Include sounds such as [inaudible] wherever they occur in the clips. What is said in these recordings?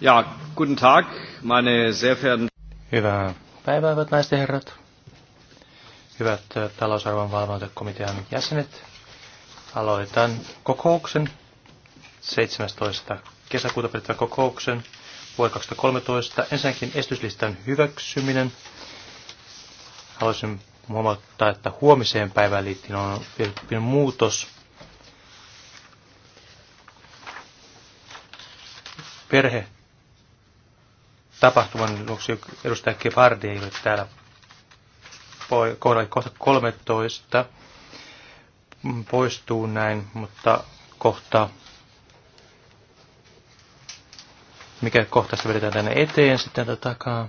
Ja, guten Tag, meine sehr verehrten... Hyvää päivää, hyvät naiset ja herrat. Hyvät äh, talousarvon valvontakomitean jäsenet. Aloitan kokouksen, 17. kesäkuuta pidettävän kokouksen vuoden 2013. Ensinnäkin esityslistan hyväksyminen. Haluaisin huomauttaa, että huomiseen päivään liittyen on pieni muutos. Perhe tapahtuman, edustaja kepardi ei ole täällä kohdalla kohta 13 poistuu näin, mutta kohta, mikä kohta se vedetään tänne eteen sitten tätä takaa.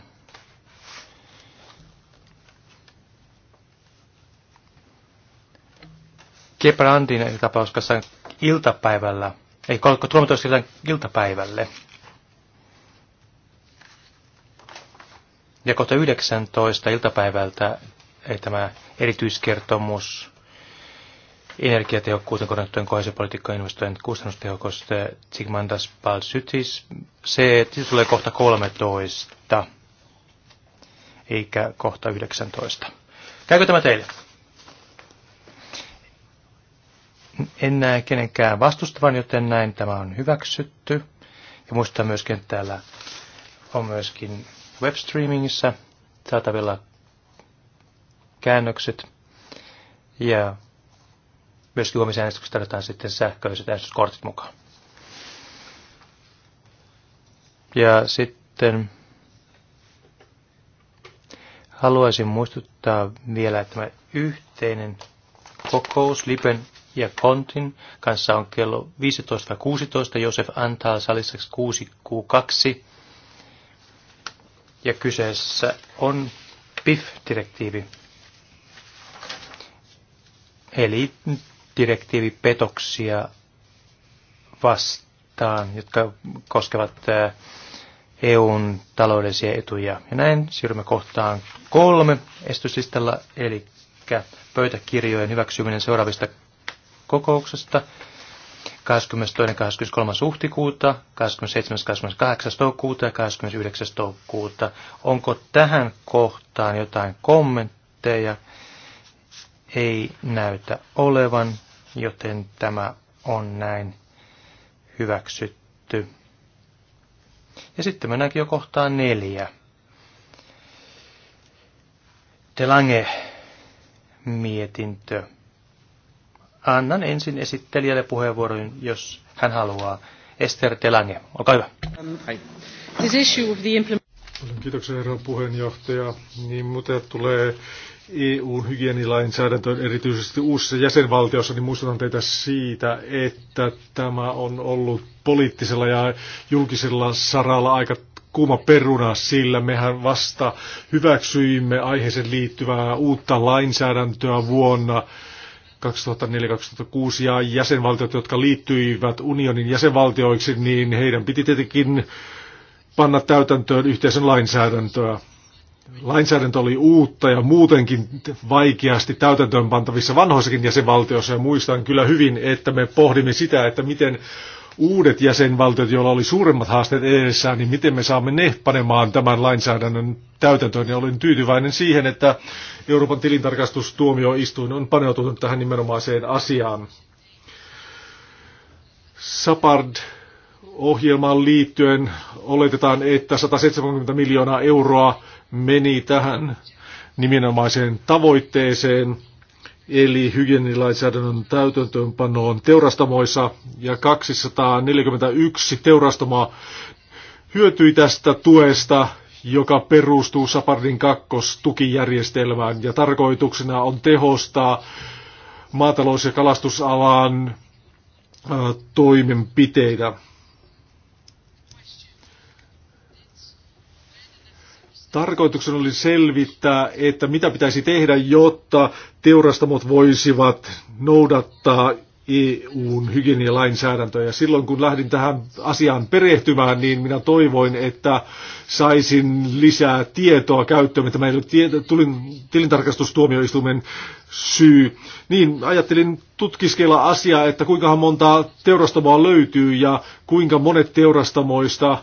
Kebrandin tapaus kanssa iltapäivällä, ei 13 iltapäivälle. Ja kohta 19 iltapäivältä ei tämä erityiskertomus energiatehokkuuteen korjattujen kohesiopolitiikkaan investoinnit kustannustehokosta Zigmandas Balsytis. Se tulee kohta 13, eikä kohta 19. Käykö tämä teille? En näe kenenkään vastustavan, joten näin tämä on hyväksytty. Ja muistan myöskin, että täällä on myöskin webstreamingissa saatavilla käännökset ja myöskin huomisen äänestyksessä tarjotaan sitten sähköiset äänestyskortit mukaan. Ja sitten haluaisin muistuttaa vielä, että tämä yhteinen kokous Lipen ja Kontin kanssa on kello 15-16 Josef Antal salissa 6 Q2 ja kyseessä on PIF-direktiivi, eli direktiivi petoksia vastaan, jotka koskevat äh, EUn taloudellisia etuja. Ja näin siirrymme kohtaan kolme estyslistalla, eli pöytäkirjojen hyväksyminen seuraavista kokouksesta 22.23. huhtikuuta, 27.28. toukokuuta ja 29. toukokuuta. Onko tähän kohtaan jotain kommentteja? Ei näytä olevan, joten tämä on näin hyväksytty. Ja sitten mennäänkin jo kohtaan neljä. Telange mietintö annan ensin esittelijälle puheenvuoron, jos hän haluaa. Esther Telange, olkaa hyvä. Kiitoksia herra puheenjohtaja. Niin mutta tulee EU-hygienilainsäädäntöön erityisesti uusissa jäsenvaltiossa niin muistutan teitä siitä, että tämä on ollut poliittisella ja julkisella saralla aika kuuma peruna, sillä mehän vasta hyväksyimme aiheeseen liittyvää uutta lainsäädäntöä vuonna 2004-2006 ja jäsenvaltiot, jotka liittyivät unionin jäsenvaltioiksi, niin heidän piti tietenkin panna täytäntöön yhteisen lainsäädäntöä. Lainsäädäntö oli uutta ja muutenkin vaikeasti täytäntöön pantavissa vanhoissakin jäsenvaltioissa ja muistan kyllä hyvin, että me pohdimme sitä, että miten uudet jäsenvaltiot, joilla oli suuremmat haasteet edessään, niin miten me saamme ne panemaan tämän lainsäädännön täytäntöön. Ja olin tyytyväinen siihen, että Euroopan tilintarkastustuomioistuin on paneutunut tähän nimenomaiseen asiaan. Sapard ohjelmaan liittyen oletetaan, että 170 miljoonaa euroa meni tähän nimenomaiseen tavoitteeseen – eli hygienilainsäädännön täytäntöönpanoon teurastamoissa ja 241 teurastamaa hyötyi tästä tuesta, joka perustuu Sapardin kakkostukijärjestelmään ja tarkoituksena on tehostaa maatalous- ja kalastusalan toimenpiteitä. Tarkoituksena oli selvittää, että mitä pitäisi tehdä, jotta teurastamot voisivat noudattaa EUn hygienialainsäädäntöä. Ja silloin kun lähdin tähän asiaan perehtymään, niin minä toivoin, että saisin lisää tietoa käyttöön, että meillä tulin tilintarkastustuomioistuimen syy. Niin ajattelin tutkiskella asiaa, että kuinka monta teurastamoa löytyy ja kuinka monet teurastamoista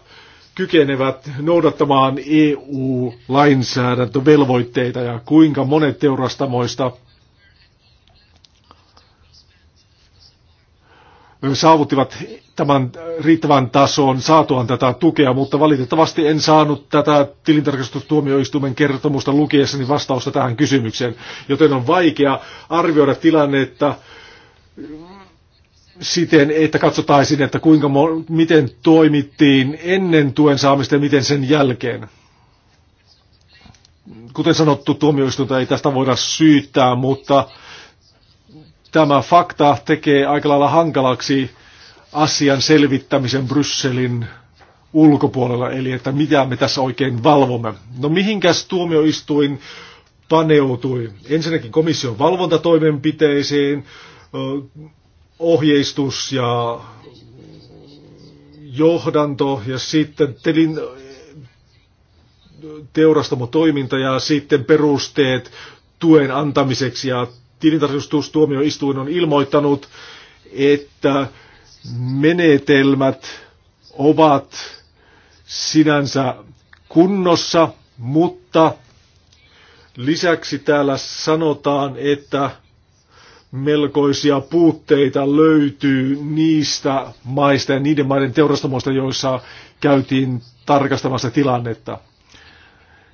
kykenevät noudattamaan EU-lainsäädäntövelvoitteita ja kuinka monet teurastamoista saavuttivat tämän riittävän tason saatuaan tätä tukea, mutta valitettavasti en saanut tätä tilintarkastustuomioistuimen kertomusta lukiessani vastausta tähän kysymykseen, joten on vaikea arvioida tilannetta siten, että katsotaan että kuinka, miten toimittiin ennen tuen saamista ja miten sen jälkeen. Kuten sanottu, tuomioistuinta ei tästä voida syyttää, mutta tämä fakta tekee aika lailla hankalaksi asian selvittämisen Brysselin ulkopuolella, eli että mitä me tässä oikein valvomme. No mihinkäs tuomioistuin paneutui? Ensinnäkin komission valvontatoimenpiteisiin, ohjeistus ja johdanto ja sitten telin teurastamotoiminta ja sitten perusteet tuen antamiseksi ja tilintarkastustuomioistuin on ilmoittanut, että menetelmät ovat sinänsä kunnossa, mutta lisäksi täällä sanotaan, että melkoisia puutteita löytyy niistä maista ja niiden maiden teurastamoista, joissa käytiin tarkastamassa tilannetta.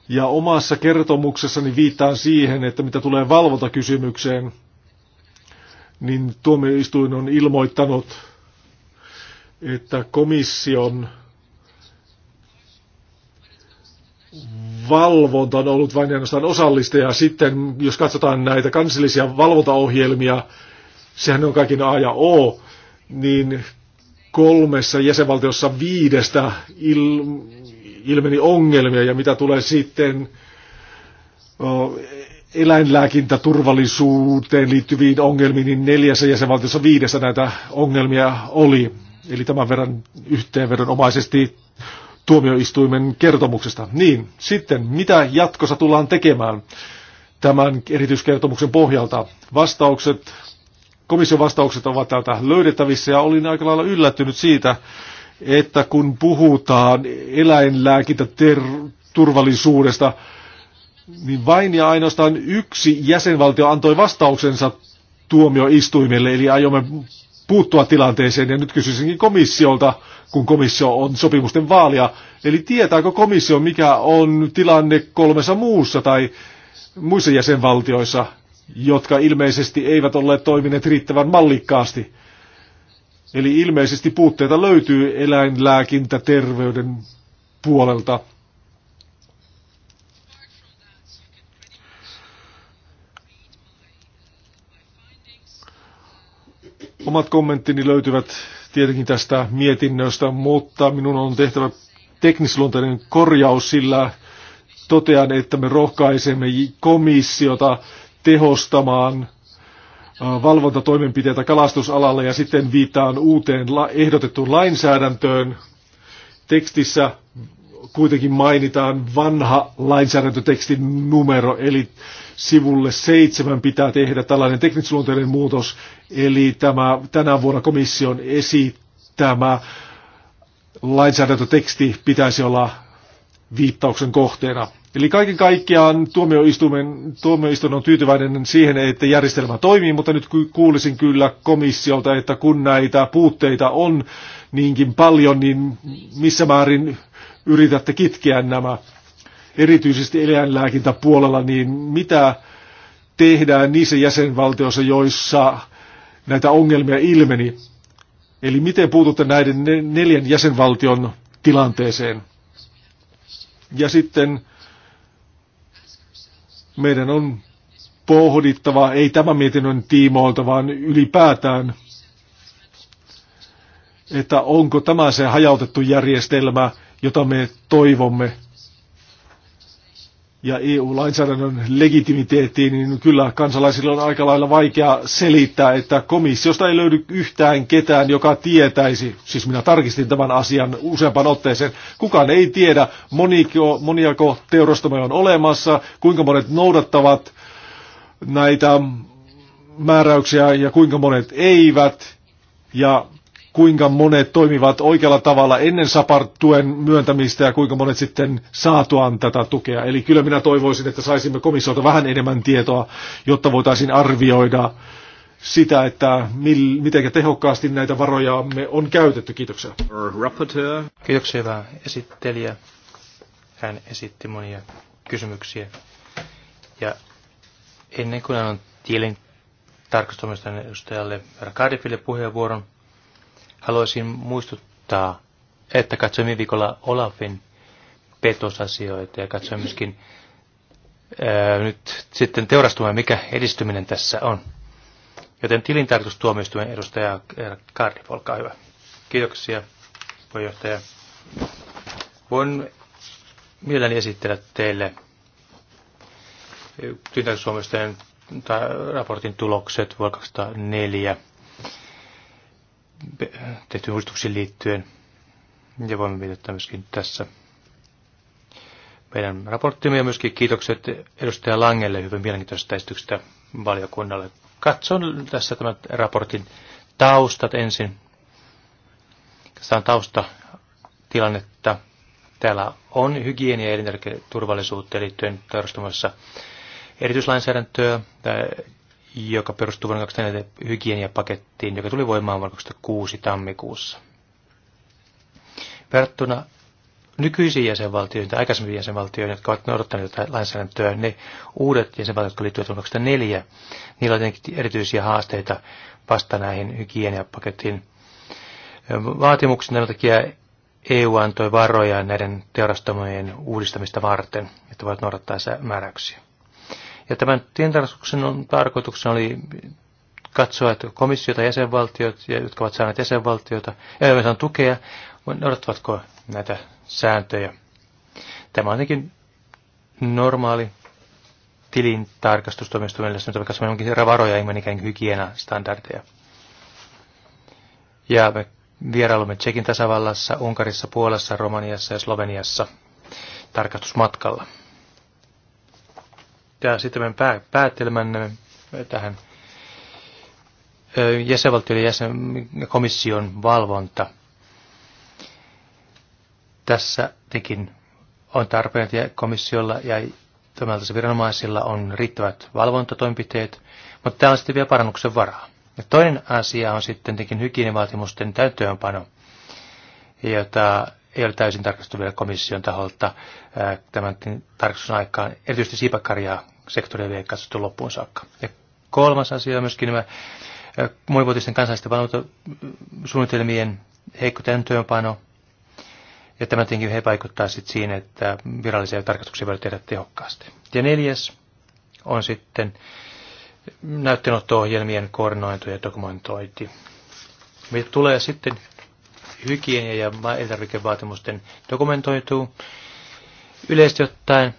Ja omassa kertomuksessani viittaan siihen, että mitä tulee valvontakysymykseen, niin tuomioistuin on ilmoittanut, että komission valvonta on ollut vain ainoastaan osallista ja sitten jos katsotaan näitä kansallisia valvontaohjelmia, sehän on kaikin A ja O, niin kolmessa jäsenvaltiossa viidestä il, ilmeni ongelmia ja mitä tulee sitten o, eläinlääkintäturvallisuuteen liittyviin ongelmiin, niin neljässä jäsenvaltiossa viidestä näitä ongelmia oli. Eli tämän verran yhteenvedonomaisesti tuomioistuimen kertomuksesta. Niin, sitten mitä jatkossa tullaan tekemään tämän erityiskertomuksen pohjalta? Vastaukset, komission vastaukset ovat täältä löydettävissä ja olin aika lailla yllättynyt siitä, että kun puhutaan eläinlääkintäturvallisuudesta, niin vain ja ainoastaan yksi jäsenvaltio antoi vastauksensa tuomioistuimelle, eli aiomme puuttua tilanteeseen. Ja nyt kysyisinkin komissiolta, kun komissio on sopimusten vaalia. Eli tietääkö komissio, mikä on tilanne kolmessa muussa tai muissa jäsenvaltioissa, jotka ilmeisesti eivät ole toimineet riittävän mallikkaasti? Eli ilmeisesti puutteita löytyy eläinlääkintä terveyden puolelta. Omat kommenttini löytyvät tietenkin tästä mietinnöstä, mutta minun on tehtävä teknisluonteinen korjaus, sillä totean, että me rohkaisemme komissiota tehostamaan valvontatoimenpiteitä kalastusalalle ja sitten viitaan uuteen ehdotettuun lainsäädäntöön. Tekstissä kuitenkin mainitaan vanha lainsäädäntötekstin numero, eli sivulle seitsemän pitää tehdä tällainen teknisluonteinen muutos, eli tämä tänä vuonna komission esittämä lainsäädäntöteksti pitäisi olla viittauksen kohteena. Eli kaiken kaikkiaan tuomioistuimen, tuomioistuin on tyytyväinen siihen, että järjestelmä toimii, mutta nyt kuulisin kyllä komissiolta, että kun näitä puutteita on niinkin paljon, niin missä määrin yritätte kitkeä nämä, erityisesti eläinlääkintäpuolella, niin mitä tehdään niissä jäsenvaltioissa, joissa näitä ongelmia ilmeni? Eli miten puututte näiden neljän jäsenvaltion tilanteeseen? Ja sitten meidän on pohdittava, ei tämän mietinnön tiimoilta, vaan ylipäätään, että onko tämä se hajautettu järjestelmä, jota me toivomme, ja EU-lainsäädännön legitimiteettiin, niin kyllä kansalaisille on aika lailla vaikea selittää, että komissiosta ei löydy yhtään ketään, joka tietäisi, siis minä tarkistin tämän asian useampaan otteeseen, kukaan ei tiedä, moniko, moniako teurastamoja on olemassa, kuinka monet noudattavat näitä määräyksiä ja kuinka monet eivät, ja kuinka monet toimivat oikealla tavalla ennen Sapartuen myöntämistä ja kuinka monet sitten saatuaan tätä tukea. Eli kyllä minä toivoisin, että saisimme komissiolta vähän enemmän tietoa, jotta voitaisiin arvioida sitä, että mil, miten tehokkaasti näitä varoja me on käytetty. Kiitoksia. Kiitoksia hyvä esittelijä. Hän esitti monia kysymyksiä. Ja ennen kuin annan tilin tarkastamista edustajalle Cardiffille puheenvuoron, Haluaisin muistuttaa, että katsoimme viikolla Olafin petosasioita ja katsoin myöskin ää, nyt sitten teurastumaan, mikä edistyminen tässä on. Joten tilintarkastustuomioistuimen edustaja Cardiff, olkaa hyvä. Kiitoksia, puheenjohtaja. Voin mielelläni esitellä teille tilintarkastustuomioistuimen raportin tulokset vuonna 2004 tehty uudistuksiin liittyen. Ja voimme viitata myöskin tässä meidän raporttimme ja myöskin kiitokset edustaja Langelle hyvin mielenkiintoisesta esityksestä valiokunnalle. Katson tässä tämän raportin taustat ensin. Tässä on taustatilannetta. Täällä on hygienia- ja elintarviketurvallisuuteen liittyen tarkastumassa erityislainsäädäntöä joka perustuu vuonna 2004 hygieniapakettiin, joka tuli voimaan vuonna 2006 tammikuussa. Verrattuna nykyisiin jäsenvaltioihin tai aikaisemmin jäsenvaltioihin, jotka ovat noudattaneet tätä lainsäädäntöä, ne uudet jäsenvaltiot, jotka liittyvät vuonna 2004, niillä on tietenkin erityisiä haasteita vasta näihin hygieniapaketin vaatimuksiin. Tämän takia EU antoi varoja näiden teurastamojen uudistamista varten, että voivat noudattaa määräyksiä. Ja tämän tientarkastuksen on, tarkoituksena oli katsoa, että komissiota ja jäsenvaltiot, jotka ovat saaneet jäsenvaltiota, ja on tukea, noudattavatko näitä sääntöjä. Tämä on jotenkin normaali tilintarkastustoimistoimille, mutta me katsomme jonkin varoja, ilman ikään kuin standardeja. Ja me vierailumme Tsekin tasavallassa, Unkarissa, Puolassa, Romaniassa ja Sloveniassa tarkastusmatkalla ja sitten meidän pää, päättelmänne tähän jäsenvaltioiden jäsen, komission valvonta. Tässä tekin on tarpeen, että komissiolla ja toimivaltaisilla viranomaisilla on riittävät valvontatoimenpiteet, mutta täällä on sitten vielä parannuksen varaa. Ja toinen asia on sitten tekin hygienivaatimusten täyttöönpano, jota ei ole täysin tarkastettu vielä komission taholta tämän tarkastuksen aikaan, erityisesti siipakarjaa sektoria vielä katsottu loppuun saakka. Ja kolmas asia on myöskin nämä monivuotisten kansallisten valvontasuunnitelmien heikko täytäntöönpano. Ja tämä tietenkin he vaikuttaa sitten siinä, että virallisia tarkastuksia voidaan tehdä tehokkaasti. Ja neljäs on sitten näytteenotto-ohjelmien koordinointi ja dokumentointi. Meitä tulee sitten hygienia- ja elintarvikevaatimusten dokumentoituu yleisesti ottaen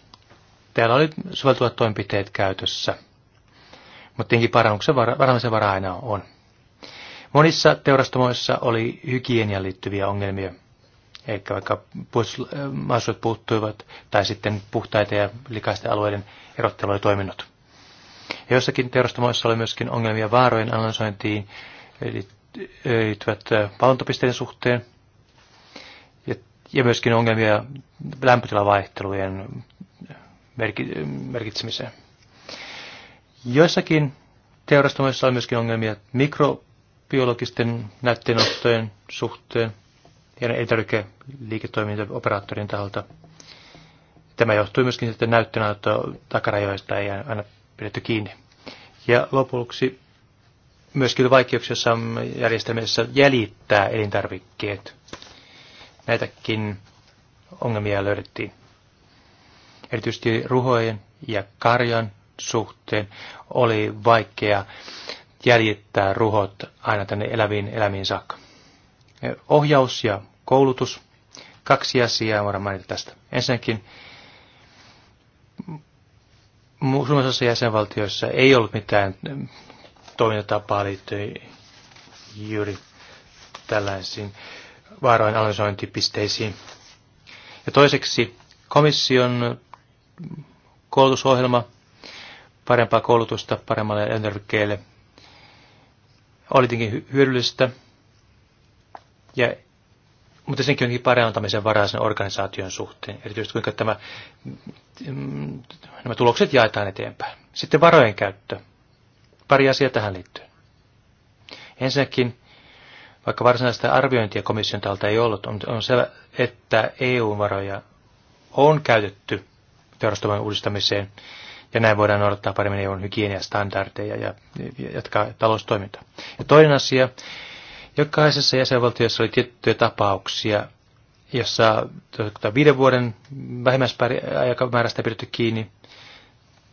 Täällä oli soveltuvat toimenpiteet käytössä, mutta tietenkin parannuksen vara, parannuksen vara aina on. Monissa teurastamoissa oli hygienian liittyviä ongelmia, eli vaikka mahdollisuudet puuttuivat, tai sitten puhtaita ja likaisten alueiden erottelu oli toiminut. Ja jossakin teurastamoissa oli myöskin ongelmia vaarojen analysointiin liittyvät valontapisteiden suhteen, ja myöskin ongelmia lämpötilavaihtelujen merkitsemiseen. Joissakin teurastamoissa on myöskin ongelmia mikrobiologisten näytteenottojen suhteen ja elintarvikeliiketoimintaoperaattorin taholta. Tämä johtuu myöskin sitten näytteenotto takarajoista ei aina pidetty kiinni. Ja lopuksi myöskin vaikeuksissa on järjestelmässä jäljittää elintarvikkeet. Näitäkin ongelmia löydettiin erityisesti ruhojen ja karjan suhteen oli vaikea jäljittää ruhot aina tänne eläviin elämiin saakka. Eh, ohjaus ja koulutus. Kaksi asiaa voidaan mainita tästä. Ensinnäkin Suomessa jäsenvaltioissa ei ollut mitään eh, toimintatapaa liittyen juuri tällaisiin vaarojen analysointipisteisiin. Ja toiseksi komission koulutusohjelma, parempaa koulutusta paremmalle elintarvikkeelle. Oli tietenkin hyödyllistä, ja, mutta senkin onkin parantamisen varaa sen organisaation suhteen, erityisesti kuinka tämä, mm, nämä tulokset jaetaan eteenpäin. Sitten varojen käyttö. Pari asiaa tähän liittyen. Ensinnäkin, vaikka varsinaista arviointia komission talta ei ollut, on, on selvä, että EU-varoja on käytetty teurastavan uudistamiseen. Ja näin voidaan noudattaa paremmin EUn hygieniastandardeja ja jatkaa taloustoimintaa. Ja toinen asia, jokaisessa jäsenvaltiossa oli tiettyjä tapauksia, jossa tuota, viiden vuoden vähimmäisaikamäärästä ei pidetty kiinni,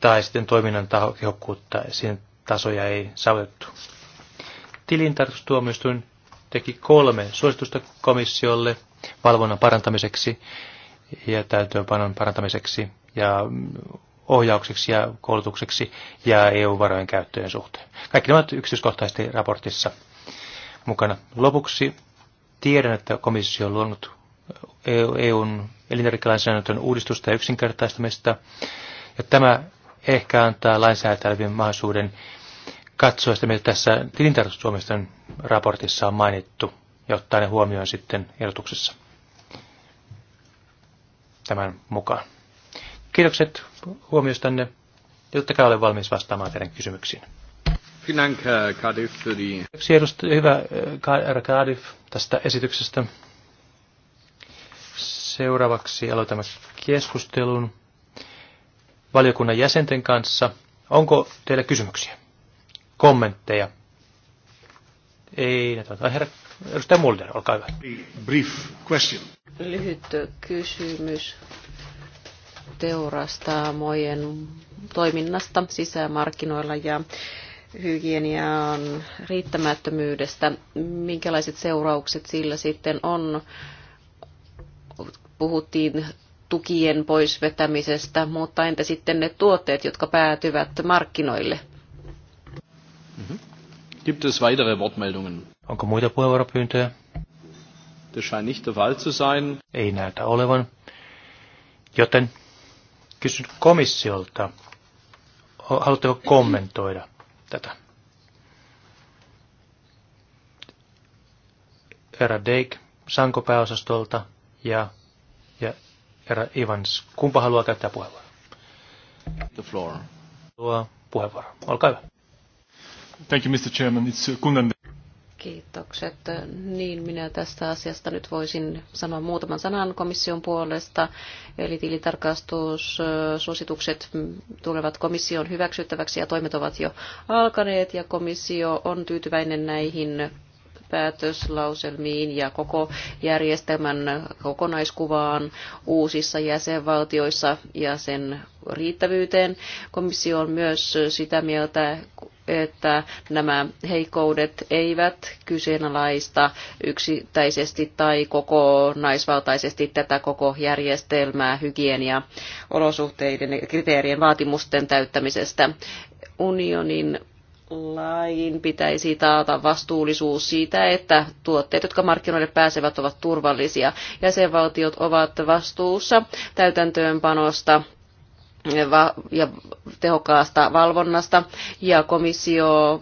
tai sitten toiminnan taho, tehokkuutta, siinä tasoja ei saavutettu. Tilintarkastustuomioistuin teki kolme suositusta komissiolle valvonnan parantamiseksi ja täytöönpanon parantamiseksi ja ohjaukseksi ja koulutukseksi ja EU-varojen käyttöön suhteen. Kaikki nämä ovat yksityiskohtaisesti raportissa mukana. Lopuksi tiedän, että komissio on luonut EUn e elintarvikelainsäädännön uudistusta ja yksinkertaistamista. Ja tämä ehkä antaa lainsäätäjille mahdollisuuden katsoa sitä, mitä tässä tilintarkastustuomioistuimen raportissa on mainittu, ja ottaa ne huomioon sitten ehdotuksessa tämän mukaan. Kiitokset huomiostanne. Jotta kai olen valmis vastaamaan teidän kysymyksiin. Kiitoksia edustaja, hyvä äh, herra Cardiff tästä esityksestä. Seuraavaksi aloitamme keskustelun valiokunnan jäsenten kanssa. Onko teillä kysymyksiä? Kommentteja? Ei, näitä herra Edustaja Mulder, olkaa hyvä. Brief question. Lyhyt kysymys teurastaamojen toiminnasta sisämarkkinoilla ja hygienian riittämättömyydestä. Minkälaiset seuraukset sillä sitten on? Puhuttiin tukien poisvetämisestä, mutta entä sitten ne tuotteet, jotka päätyvät markkinoille? Mhm. Gibt es weitere Wortmeldungen? Onko muita puheenvuoropyyntöjä? Das scheint nicht der Fall zu sein. Ei näytä olevan. Joten Kysyn komissiolta, haluatteko kommentoida tätä? Herra Deik Sankopääosastolta ja, ja herra Ivans, kumpa haluaa käyttää puheenvuoron? The floor. Tuo puheenvuoro. Olkaa hyvä. Thank you, Mr. Chairman. It's uh, Kundan Kiitokset. Niin, minä tästä asiasta nyt voisin sanoa muutaman sanan komission puolesta. Eli tilintarkastussuositukset tulevat komission hyväksyttäväksi ja toimet ovat jo alkaneet ja komissio on tyytyväinen näihin päätöslauselmiin ja koko järjestelmän kokonaiskuvaan uusissa jäsenvaltioissa ja sen riittävyyteen. Komissio on myös sitä mieltä, että nämä heikoudet eivät kyseenalaista yksittäisesti tai kokonaisvaltaisesti tätä koko järjestelmää hygienia olosuhteiden ja kriteerien vaatimusten täyttämisestä. Unionin lain pitäisi taata vastuullisuus siitä, että tuotteet, jotka markkinoille pääsevät, ovat turvallisia. Jäsenvaltiot ovat vastuussa täytäntöönpanosta ja tehokkaasta valvonnasta ja komissio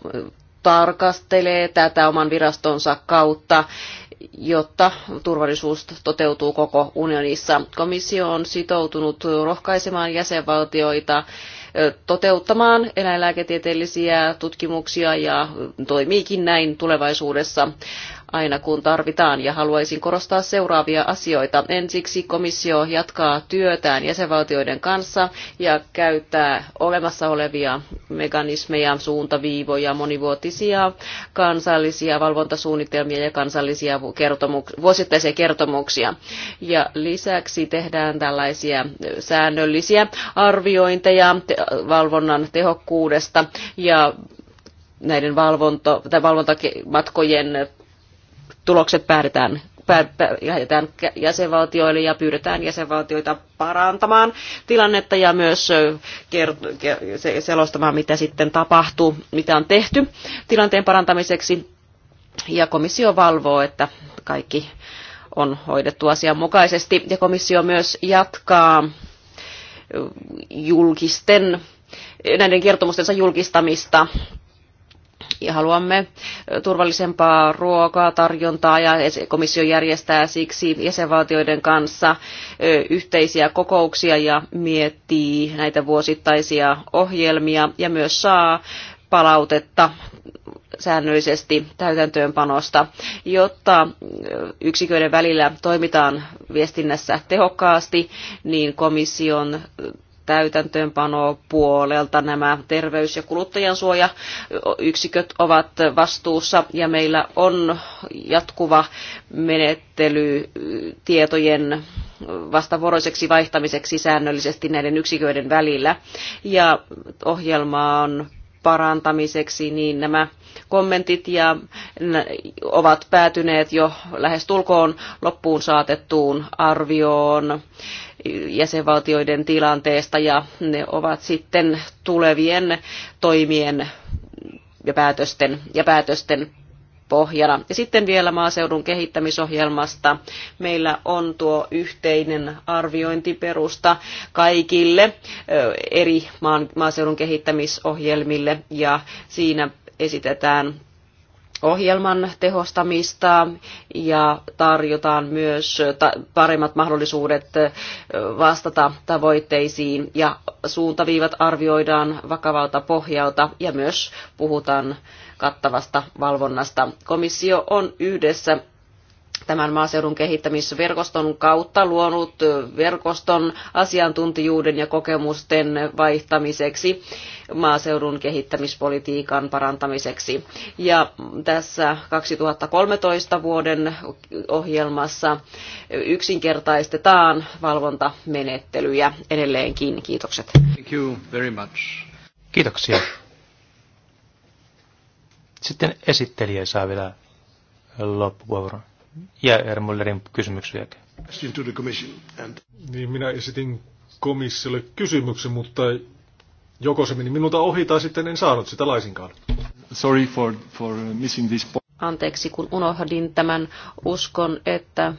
tarkastelee tätä oman virastonsa kautta jotta turvallisuus toteutuu koko unionissa. Komissio on sitoutunut rohkaisemaan jäsenvaltioita toteuttamaan eläinlääketieteellisiä tutkimuksia ja toimiikin näin tulevaisuudessa aina kun tarvitaan ja haluaisin korostaa seuraavia asioita. Ensiksi komissio jatkaa työtään jäsenvaltioiden kanssa ja käyttää olemassa olevia mekanismeja, suuntaviivoja, monivuotisia kansallisia valvontasuunnitelmia ja kansallisia kertomuk- vuosittaisia kertomuksia. Ja lisäksi tehdään tällaisia säännöllisiä arviointeja valvonnan tehokkuudesta ja näiden valvonto, tai valvontamatkojen tulokset päätetään lähetetään jäsenvaltioille ja pyydetään jäsenvaltioita parantamaan tilannetta ja myös selostamaan, mitä sitten tapahtuu, mitä on tehty tilanteen parantamiseksi. Ja komissio valvoo, että kaikki on hoidettu asianmukaisesti. Ja komissio myös jatkaa julkisten näiden kertomustensa julkistamista ja haluamme turvallisempaa ruokaa, tarjontaa ja komissio järjestää siksi jäsenvaltioiden kanssa yhteisiä kokouksia ja miettii näitä vuosittaisia ohjelmia ja myös saa palautetta säännöllisesti täytäntöönpanosta, jotta yksiköiden välillä toimitaan viestinnässä tehokkaasti, niin komission täytäntöönpanopuolelta nämä terveys- ja kuluttajansuojayksiköt ovat vastuussa ja meillä on jatkuva menettely tietojen vastavuoroiseksi vaihtamiseksi säännöllisesti näiden yksiköiden välillä. Ja ohjelma on parantamiseksi, niin nämä kommentit ja ovat päätyneet jo lähes tulkoon loppuun saatettuun arvioon jäsenvaltioiden tilanteesta ja ne ovat sitten tulevien toimien ja päätösten, ja päätösten pohjana. Ja sitten vielä maaseudun kehittämisohjelmasta. Meillä on tuo yhteinen arviointiperusta kaikille eri maaseudun kehittämisohjelmille ja siinä esitetään ohjelman tehostamista ja tarjotaan myös paremmat mahdollisuudet vastata tavoitteisiin ja suuntaviivat arvioidaan vakavalta pohjalta ja myös puhutaan kattavasta valvonnasta. Komissio on yhdessä tämän maaseudun kehittämisverkoston kautta luonut verkoston asiantuntijuuden ja kokemusten vaihtamiseksi maaseudun kehittämispolitiikan parantamiseksi. Ja tässä 2013 vuoden ohjelmassa yksinkertaistetaan valvontamenettelyjä edelleenkin. Kiitokset. Thank you very much. Kiitoksia. Sitten esittelijä saa vielä loppupuheenvuoron ja Ermullerin kysymyksiä. Niin, minä esitin komissiolle kysymyksen, mutta joko se meni minulta ohi tai sitten en saanut sitä laisinkaan. Sorry for, for uh, missing this point. Anteeksi, kun unohdin tämän. Uskon, että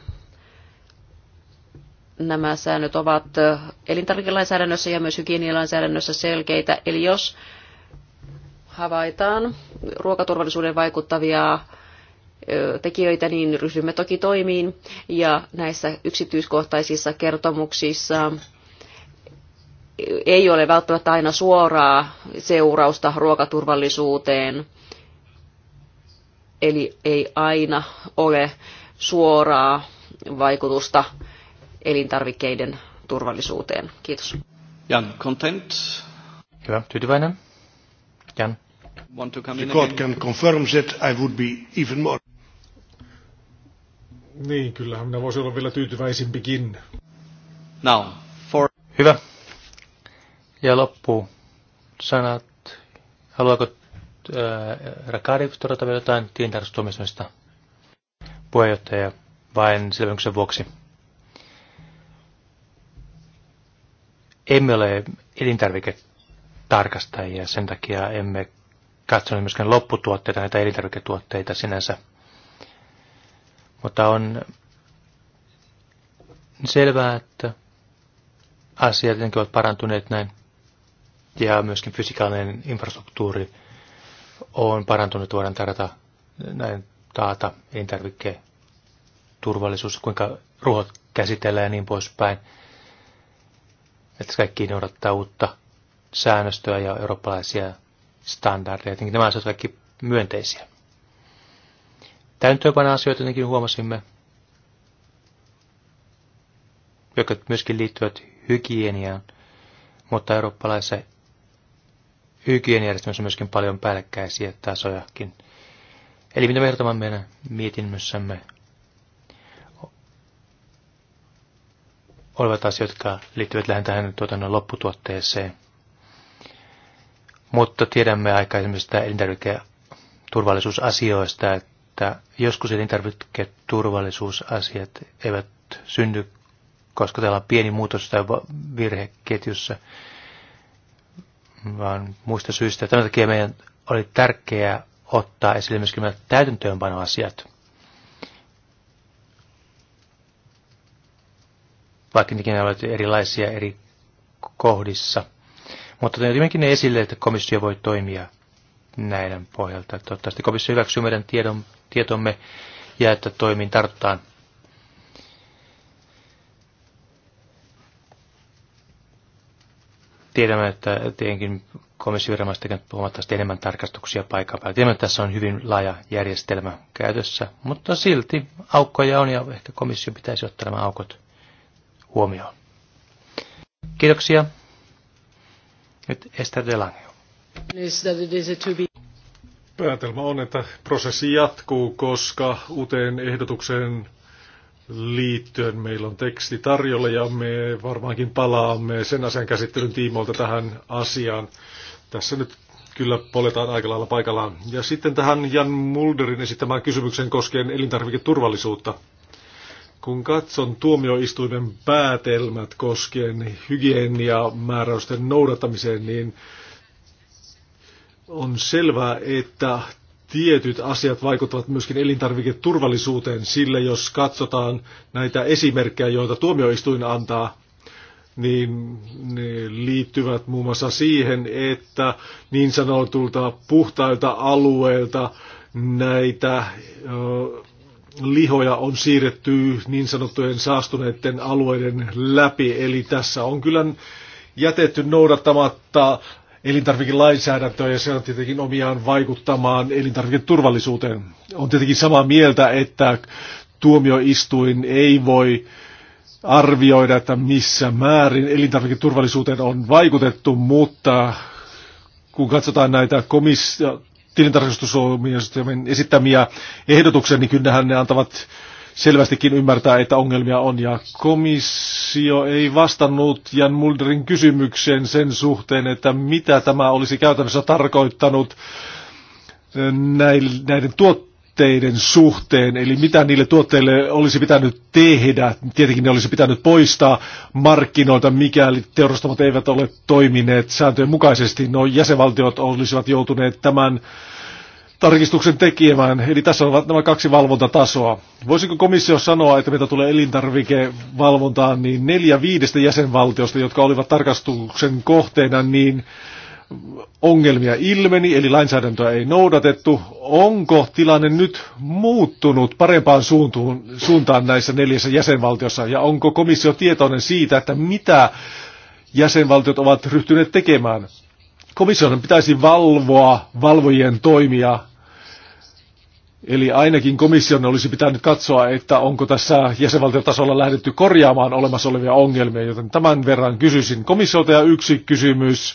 nämä säännöt ovat elintarvikelainsäädännössä ja myös hygienialainsäädännössä selkeitä. Eli jos havaitaan ruokaturvallisuuden vaikuttavia tekijöitä, niin ryhdymme toki toimiin ja näissä yksityiskohtaisissa kertomuksissa ei ole välttämättä aina suoraa seurausta ruokaturvallisuuteen, eli ei aina ole suoraa vaikutusta elintarvikkeiden turvallisuuteen. Kiitos. Jan, content? Hyvä, tyytyväinen. Jan. Want to come in again? confirm that I would be even more. Niin, kyllähän minä voisin olla vielä tyytyväisimpikin. Now, for... Hyvä. Ja loppu sanat. Haluaako äh, Rakari todeta vielä jotain tiintarkastustuomioistuimesta puheenjohtaja vain selvennyksen vuoksi? Emme ole elintarviketarkastajia, sen takia emme katsoneet myöskään lopputuotteita, näitä elintarviketuotteita sinänsä – mutta on selvää, että asiat jotenkin ovat parantuneet näin. Ja myöskin fysikaalinen infrastruktuuri on parantunut, voidaan tarjota näin taata elintarvikkeen turvallisuus, kuinka ruohot käsitellään ja niin poispäin. Että kaikki noudattaa uutta säännöstöä ja eurooppalaisia standardeja. Tietenkin nämä asiat ovat kaikki myönteisiä täytäntöönpana asioita jotenkin huomasimme, jotka myöskin liittyvät hygieniaan, mutta eurooppalaisessa hygieniajärjestelmässä on myöskin paljon päällekkäisiä tasojakin. Eli mitä ehdotamme meidän mietinnössämme olevat asiat, jotka liittyvät lähinnä tähän tuotannon lopputuotteeseen. Mutta tiedämme aikaisemmista elintarviketurvallisuusasioista, että että joskus elintarviketurvallisuusasiat eivät synny, koska täällä on pieni muutos tai virhe ketjussa, vaan muista syistä. Tämän takia meidän oli tärkeää ottaa esille myöskin nämä täytäntöönpanoasiat. Vaikka nekin ovat erilaisia eri kohdissa. Mutta tietenkin ne esille, että komissio voi toimia näiden pohjalta. Toivottavasti komissio hyväksyy meidän tiedon, tietomme ja että toimiin tarttaan. Tiedämme, että tietenkin komissioviranomaiset tekevät huomattavasti enemmän tarkastuksia paikan päällä. Tiedämme, että tässä on hyvin laaja järjestelmä käytössä, mutta silti aukkoja on ja ehkä komissio pitäisi ottaa nämä aukot huomioon. Kiitoksia. Nyt Esther de Päätelmä on, että prosessi jatkuu, koska uuteen ehdotukseen liittyen meillä on teksti tarjolla ja me varmaankin palaamme sen asian käsittelyn tiimoilta tähän asiaan. Tässä nyt kyllä poletaan aika lailla paikallaan. Ja sitten tähän Jan Mulderin esittämään kysymykseen koskien elintarviketurvallisuutta. Kun katson tuomioistuimen päätelmät koskien hygieniamääräysten noudattamiseen, niin on selvää, että tietyt asiat vaikuttavat myöskin elintarviketurvallisuuteen, sillä jos katsotaan näitä esimerkkejä, joita tuomioistuin antaa, niin ne liittyvät muun muassa siihen, että niin sanotulta puhtailta alueilta näitä ö, lihoja on siirretty niin sanottujen saastuneiden alueiden läpi. Eli tässä on kyllä jätetty noudattamatta elintarvikelainsäädäntöä ja se on tietenkin omiaan vaikuttamaan elintarviketurvallisuuteen. On tietenkin samaa mieltä, että tuomioistuin ei voi arvioida, että missä määrin elintarviketurvallisuuteen on vaikutettu, mutta kun katsotaan näitä komissio, tilintarkastusomistuimen esittämiä ehdotuksia, niin kyllähän ne antavat selvästikin ymmärtää, että ongelmia on. Ja komissio ei vastannut Jan Mulderin kysymykseen sen suhteen, että mitä tämä olisi käytännössä tarkoittanut eh, näiden tuotteiden suhteen, eli mitä niille tuotteille olisi pitänyt tehdä. Tietenkin ne olisi pitänyt poistaa markkinoilta, mikäli teurastamot eivät ole toimineet sääntöjen mukaisesti. No jäsenvaltiot olisivat joutuneet tämän tarkistuksen tekemään. Eli tässä ovat nämä kaksi valvontatasoa. Voisiko komissio sanoa, että mitä tulee elintarvikevalvontaan, niin neljä viidestä jäsenvaltiosta, jotka olivat tarkastuksen kohteena, niin ongelmia ilmeni, eli lainsäädäntöä ei noudatettu. Onko tilanne nyt muuttunut parempaan suuntuun, suuntaan näissä neljässä jäsenvaltiossa, ja onko komissio tietoinen siitä, että mitä jäsenvaltiot ovat ryhtyneet tekemään? Komission pitäisi valvoa valvojien toimia Eli ainakin komission olisi pitänyt katsoa, että onko tässä jäsenvaltiotasolla lähdetty korjaamaan olemassa olevia ongelmia, joten tämän verran kysyisin komissiolta ja yksi kysymys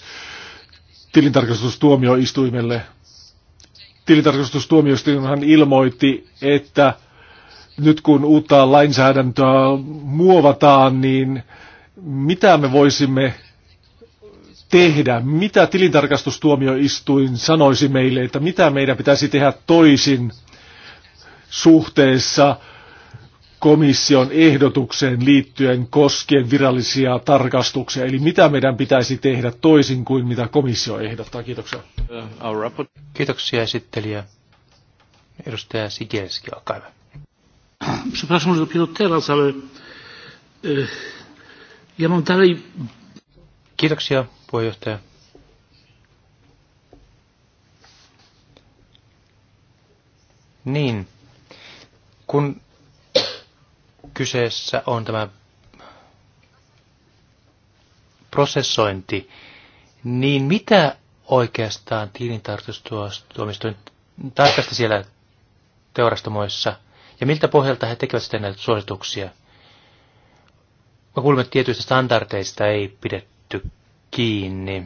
tilintarkastustuomioistuimelle. Tilintarkastustuomioistuimhan ilmoitti, että nyt kun uutta lainsäädäntöä muovataan, niin mitä me voisimme tehdä? Mitä tilintarkastustuomioistuin sanoisi meille, että mitä meidän pitäisi tehdä toisin suhteessa komission ehdotukseen liittyen koskien virallisia tarkastuksia. Eli mitä meidän pitäisi tehdä toisin kuin mitä komissio ehdottaa. Kiitoksia. Kiitoksia esittelijä. Edustaja Sigelski, olkaa hyvä. Przepraszam, że dopiero teraz, ale e, ja mam dalej... Kiitoksia, puheenjohtaja. Niin, kun kyseessä on tämä prosessointi, niin mitä oikeastaan tilintarkastustuomistoin tarkasti siellä teurastamoissa ja miltä pohjalta he tekevät sitten näitä suosituksia? Mä kuulimme, että tietyistä standardeista ei pidetty kiinni.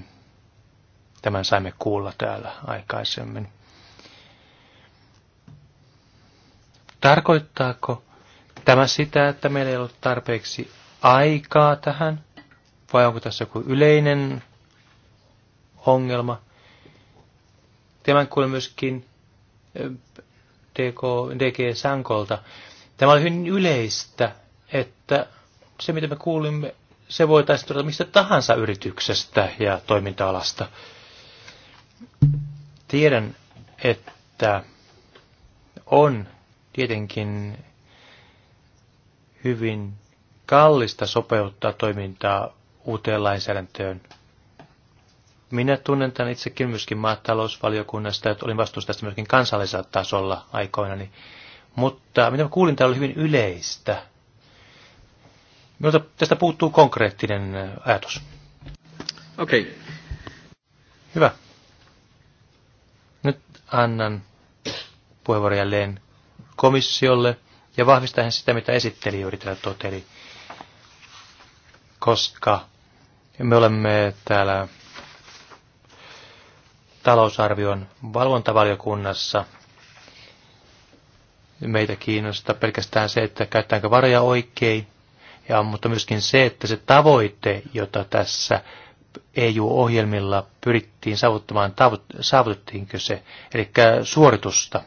Tämän saimme kuulla täällä aikaisemmin. Tarkoittaako tämä sitä, että meillä ei ollut tarpeeksi aikaa tähän? Vai onko tässä joku yleinen ongelma? Tämän kuulin myöskin DG Sankolta. Tämä oli hyvin yleistä, että se mitä me kuulimme, se voitaisiin todeta mistä tahansa yrityksestä ja toiminta-alasta. Tiedän, että on tietenkin hyvin kallista sopeuttaa toimintaa uuteen lainsäädäntöön. Minä tunnen tämän itsekin myöskin maatalousvaliokunnasta, että olin vastuussa tästä myöskin kansallisella tasolla aikoinani. Mutta mitä kuulin, tämä oli hyvin yleistä. Minulta tästä puuttuu konkreettinen ajatus. Okei. Okay. Hyvä. Nyt annan puheenvuoron jälleen komissiolle ja vahvistaa hän sitä, mitä esitteli juuri täällä toteli. Koska me olemme täällä talousarvion valvontavaliokunnassa. Meitä kiinnostaa pelkästään se, että käyttääkö varoja oikein, ja, mutta myöskin se, että se tavoite, jota tässä EU-ohjelmilla pyrittiin saavuttamaan, saavutettiinkö se, eli suoritusta.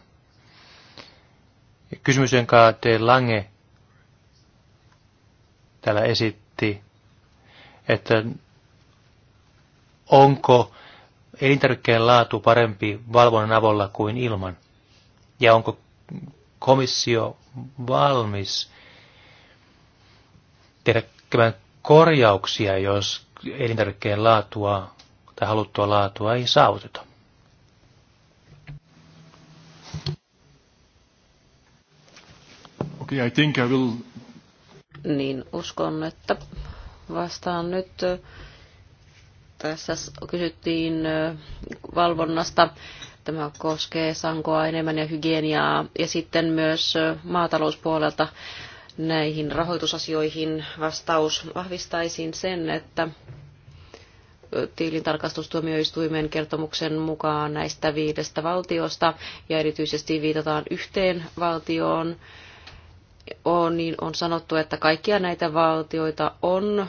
Kysymys, jonka De Lange täällä esitti, että onko elintarvikkeen laatu parempi valvonnan avulla kuin ilman? Ja onko komissio valmis tekemään korjauksia, jos elintarvikkeen laatua tai haluttua laatua ei saavuteta? I think I will... Niin uskon, että vastaan nyt. Tässä kysyttiin valvonnasta. Tämä koskee sankoa enemmän ja hygieniaa ja sitten myös maatalouspuolelta näihin rahoitusasioihin vastaus. Vahvistaisin sen, että tilintarkastustuomioistuimen kertomuksen mukaan näistä viidestä valtiosta ja erityisesti viitataan yhteen valtioon, on, niin on sanottu, että kaikkia näitä valtioita on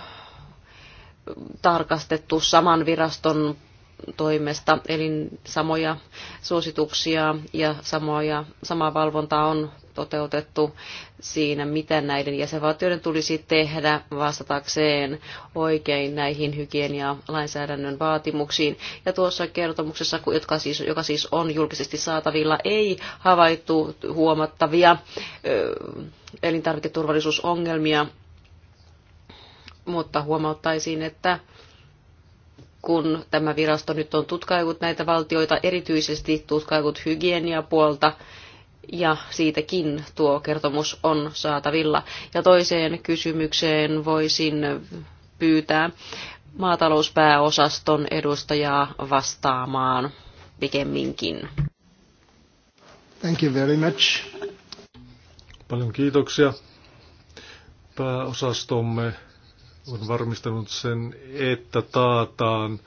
tarkastettu saman viraston toimesta, eli samoja suosituksia ja samoja, samaa valvontaa on toteutettu siinä, mitä näiden jäsenvaltioiden tulisi tehdä vastatakseen oikein näihin hygienialainsäädännön vaatimuksiin. Ja tuossa kertomuksessa, jotka siis, joka siis on julkisesti saatavilla, ei havaittu huomattavia ö, elintarviketurvallisuusongelmia, mutta huomauttaisin, että kun tämä virasto nyt on tutkailut näitä valtioita, erityisesti tutkailut hygieniapuolta, ja siitäkin tuo kertomus on saatavilla. Ja toiseen kysymykseen voisin pyytää maatalouspääosaston edustajaa vastaamaan pikemminkin. Thank you very much. Paljon kiitoksia. Pääosastomme on varmistanut sen, että taataan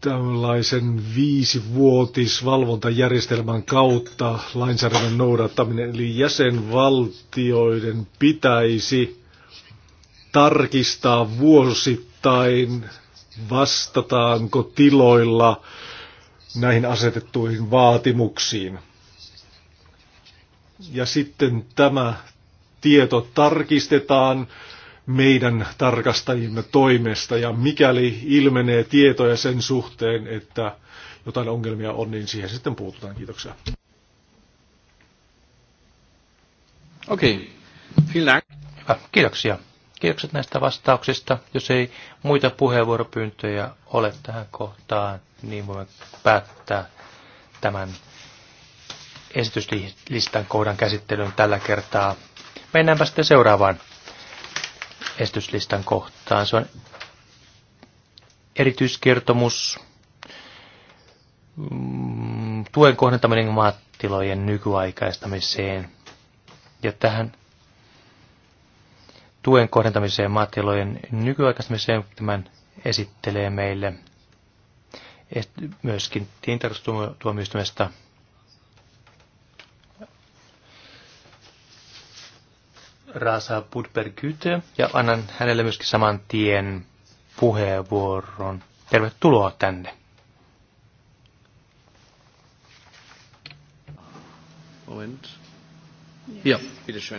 tällaisen viisivuotisvalvontajärjestelmän kautta lainsäädännön noudattaminen, eli jäsenvaltioiden pitäisi tarkistaa vuosittain, vastataanko tiloilla näihin asetettuihin vaatimuksiin. Ja sitten tämä tieto tarkistetaan meidän tarkastajimme toimesta ja mikäli ilmenee tietoja sen suhteen, että jotain ongelmia on, niin siihen sitten puututaan. Kiitoksia. Okei, okay. Hyvä. Kiitoksia. Kiitokset näistä vastauksista. Jos ei muita puheenvuoropyyntöjä ole tähän kohtaan, niin voimme päättää tämän esityslistan kohdan käsittelyn tällä kertaa. Mennäänpä sitten seuraavaan estyslistan kohtaan. Se on erityiskertomus, mm, tuen kohdentaminen maatilojen nykyaikaistamiseen. Ja tähän tuen kohdentamiseen maatilojen nykyaikaistamiseen tämän esittelee meille myöskin tiintarkastustuomioistuimesta Rasa Budbergyte ja annan hänelle myöskin saman tien puheenvuoron. Tervetuloa tänne. Moment. Yes.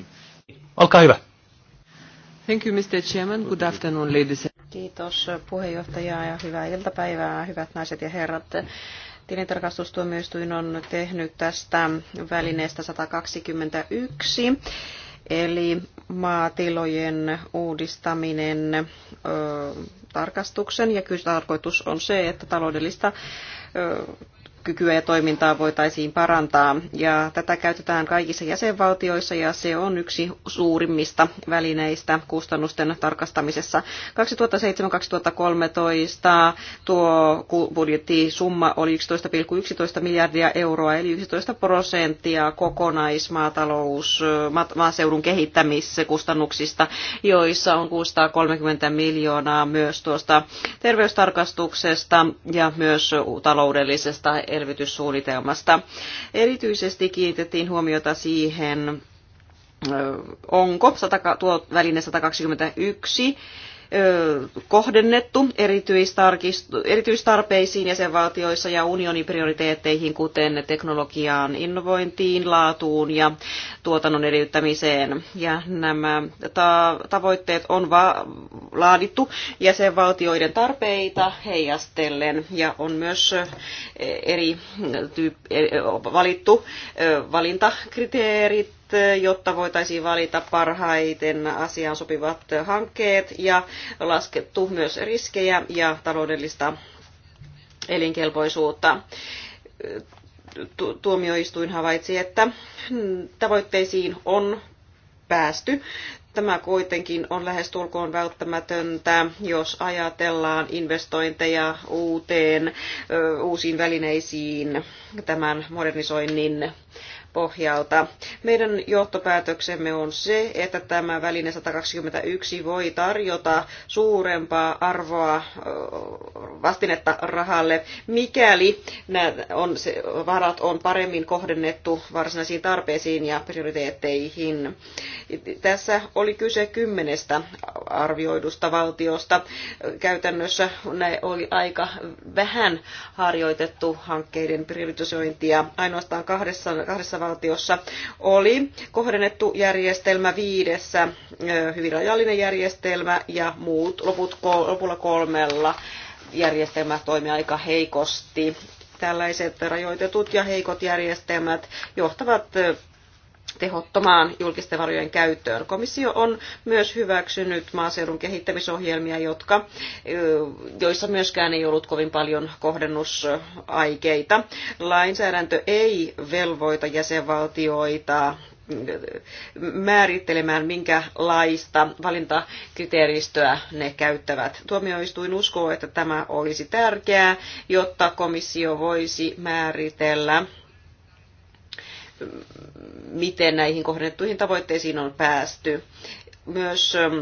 Olkaa hyvä. Thank you, Mr. Chairman. Good afternoon, ladies. Kiitos puheenjohtaja ja hyvää iltapäivää, hyvät naiset ja herrat. Tilintarkastustuomioistuin on tehnyt tästä välineestä 121 Eli maatilojen uudistaminen ö, tarkastuksen ja kyllä tarkoitus on se, että taloudellista ö, kykyä ja toimintaa voitaisiin parantaa. Ja tätä käytetään kaikissa jäsenvaltioissa ja se on yksi suurimmista välineistä kustannusten tarkastamisessa. 2007-2013 tuo budjettisumma oli 11,11 miljardia euroa eli 11 prosenttia kokonaismaatalous, maaseudun kehittämiskustannuksista, joissa on 630 miljoonaa myös tuosta terveystarkastuksesta ja myös taloudellisesta elvytyssuunnitelmasta. Erityisesti kiinnitettiin huomiota siihen, onko tuo väline 121 kohdennettu erityistarpeisiin jäsenvaltioissa ja unionin prioriteetteihin, kuten teknologiaan, innovointiin, laatuun ja tuotannon eriyttämiseen. Ja nämä tavoitteet on laadittu jäsenvaltioiden tarpeita heijastellen ja on myös eri e- valittu valintakriteerit jotta voitaisiin valita parhaiten asiaan sopivat hankkeet ja laskettu myös riskejä ja taloudellista elinkelpoisuutta tuomioistuin havaitsi, että tavoitteisiin on päästy. Tämä kuitenkin on lähestulkoon välttämätöntä, jos ajatellaan investointeja uuteen, uusiin välineisiin tämän modernisoinnin pohjalta. Meidän johtopäätöksemme on se, että tämä väline 121 voi tarjota suurempaa arvoa vastinetta rahalle, mikäli on se, varat on paremmin kohdennettu varsinaisiin tarpeisiin ja prioriteetteihin. Tässä oli kyse kymmenestä arvioidusta valtiosta. Käytännössä ne oli aika vähän harjoitettu hankkeiden prioritisointia. Ainoastaan kahdessa, kahdessa jäsenvaltiossa oli kohdennettu järjestelmä viidessä, hyvin rajallinen järjestelmä ja muut loput, lopulla kolmella järjestelmä toimi aika heikosti. Tällaiset rajoitetut ja heikot järjestelmät johtavat tehottomaan julkisten varojen käyttöön. Komissio on myös hyväksynyt maaseudun kehittämisohjelmia, jotka, joissa myöskään ei ollut kovin paljon kohdennusaikeita. Lainsäädäntö ei velvoita jäsenvaltioita määrittelemään, minkälaista valintakriteeristöä ne käyttävät. Tuomioistuin uskoo, että tämä olisi tärkeää, jotta komissio voisi määritellä miten näihin kohdennettuihin tavoitteisiin on päästy. Myös ähm,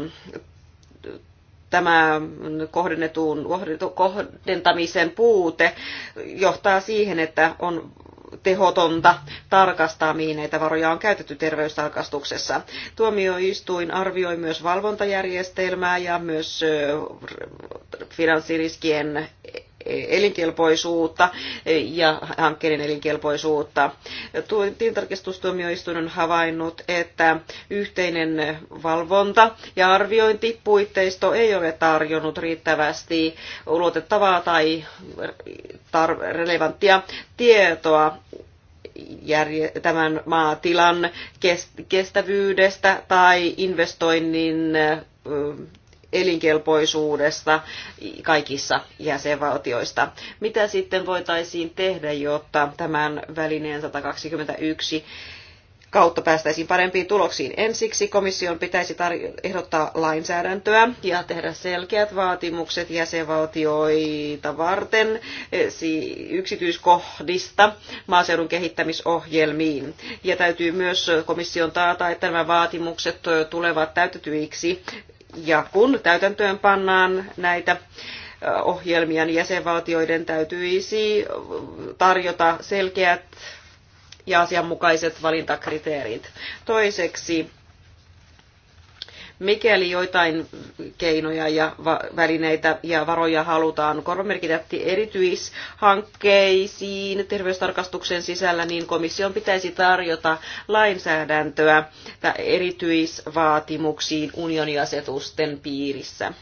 tämä kohdennetun, kohdentamisen puute johtaa siihen, että on tehotonta tarkastaa, mihin näitä varoja on käytetty terveystarkastuksessa. Tuomioistuin arvioi myös valvontajärjestelmää ja myös äh, finanssiriskien elinkelpoisuutta ja hankkeiden elinkelpoisuutta. Tilintarkastustuomioistuin on havainnut, että yhteinen valvonta ja arviointipuitteisto ei ole tarjonnut riittävästi ulotettavaa tai tar- relevanttia tietoa tämän maatilan kestävyydestä tai investoinnin elinkelpoisuudesta kaikissa jäsenvaltioista. Mitä sitten voitaisiin tehdä, jotta tämän välineen 121 kautta päästäisiin parempiin tuloksiin. Ensiksi komission pitäisi ehdottaa lainsäädäntöä ja tehdä selkeät vaatimukset jäsenvaltioita varten eh, yksityiskohdista maaseudun kehittämisohjelmiin. Ja täytyy myös komission taata, että nämä vaatimukset eh, tulevat täytetyiksi ja kun täytäntöön pannaan näitä ohjelmia, niin jäsenvaltioiden täytyisi tarjota selkeät ja asianmukaiset valintakriteerit. Toiseksi Mikäli joitain keinoja ja välineitä ja varoja halutaan korvamerkitä erityishankkeisiin terveystarkastuksen sisällä, niin komission pitäisi tarjota lainsäädäntöä erityisvaatimuksiin unioniasetusten piirissä.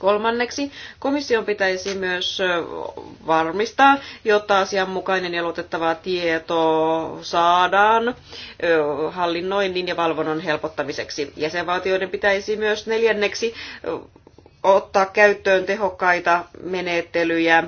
Kolmanneksi, komission pitäisi myös varmistaa, jotta asianmukainen ja luotettava tieto saadaan hallinnoinnin ja valvonnan helpottamiseksi. Jäsenvaltioiden pitäisi myös neljänneksi ottaa käyttöön tehokkaita menettelyjä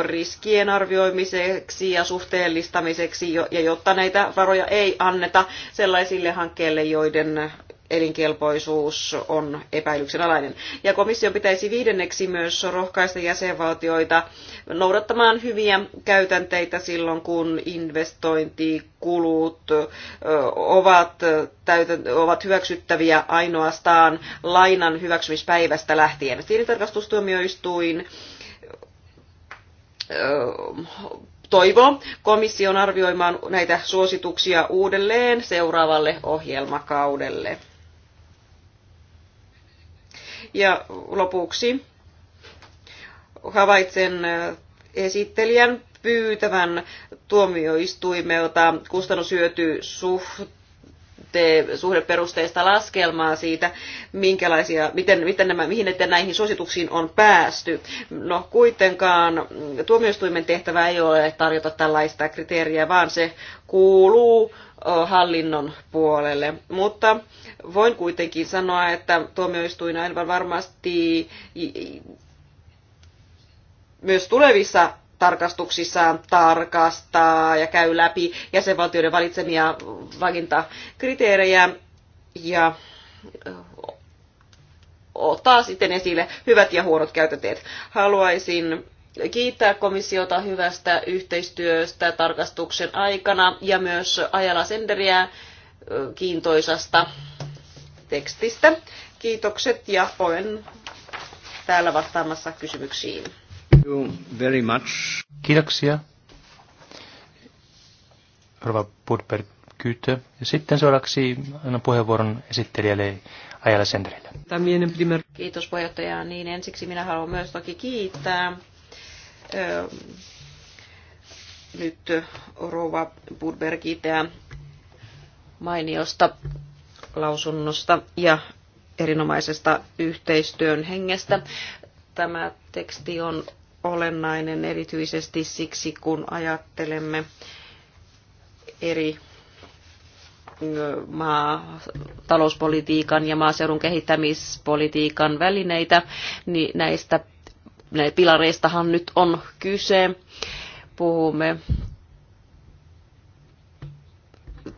riskien arvioimiseksi ja suhteellistamiseksi, ja jotta näitä varoja ei anneta sellaisille hankkeille, joiden elinkelpoisuus on epäilyksen alainen. Ja komission pitäisi viidenneksi myös rohkaista jäsenvaltioita noudattamaan hyviä käytänteitä silloin, kun investointikulut ovat, täytä, ovat hyväksyttäviä ainoastaan lainan hyväksymispäivästä lähtien. Tiedintarkastustuomioistuin toivoo komission arvioimaan näitä suosituksia uudelleen seuraavalle ohjelmakaudelle. Ja lopuksi havaitsen äh, esittelijän pyytävän tuomioistuimelta suht tee suhdeperusteista laskelmaa siitä, minkälaisia, miten, miten nämä, mihin että näihin suosituksiin on päästy. No kuitenkaan tuomioistuimen tehtävä ei ole tarjota tällaista kriteeriä, vaan se kuuluu hallinnon puolelle. Mutta voin kuitenkin sanoa, että tuomioistuin aivan varmasti myös tulevissa Tarkastuksissaan tarkastaa ja käy läpi jäsenvaltioiden valitsemia valintakriteerejä ja ottaa sitten esille hyvät ja huonot käytänteet. Haluaisin kiittää komissiota hyvästä yhteistyöstä tarkastuksen aikana ja myös Ajala Senderiä kiintoisasta tekstistä. Kiitokset ja olen täällä vastaamassa kysymyksiin very much. Kiitoksia. Rova Budberg Kytö. Ja sitten seuraavaksi annan puheenvuoron esittelijälle Ajala Senderille. Kiitos puheenjohtaja. Niin ensiksi minä haluan myös toki kiittää nyt Rova Budbergitä mainiosta lausunnosta ja erinomaisesta yhteistyön hengestä. Tämä teksti on olennainen erityisesti siksi, kun ajattelemme eri maa, talouspolitiikan ja maaseudun kehittämispolitiikan välineitä, niin näistä pilareistahan nyt on kyse. Puhumme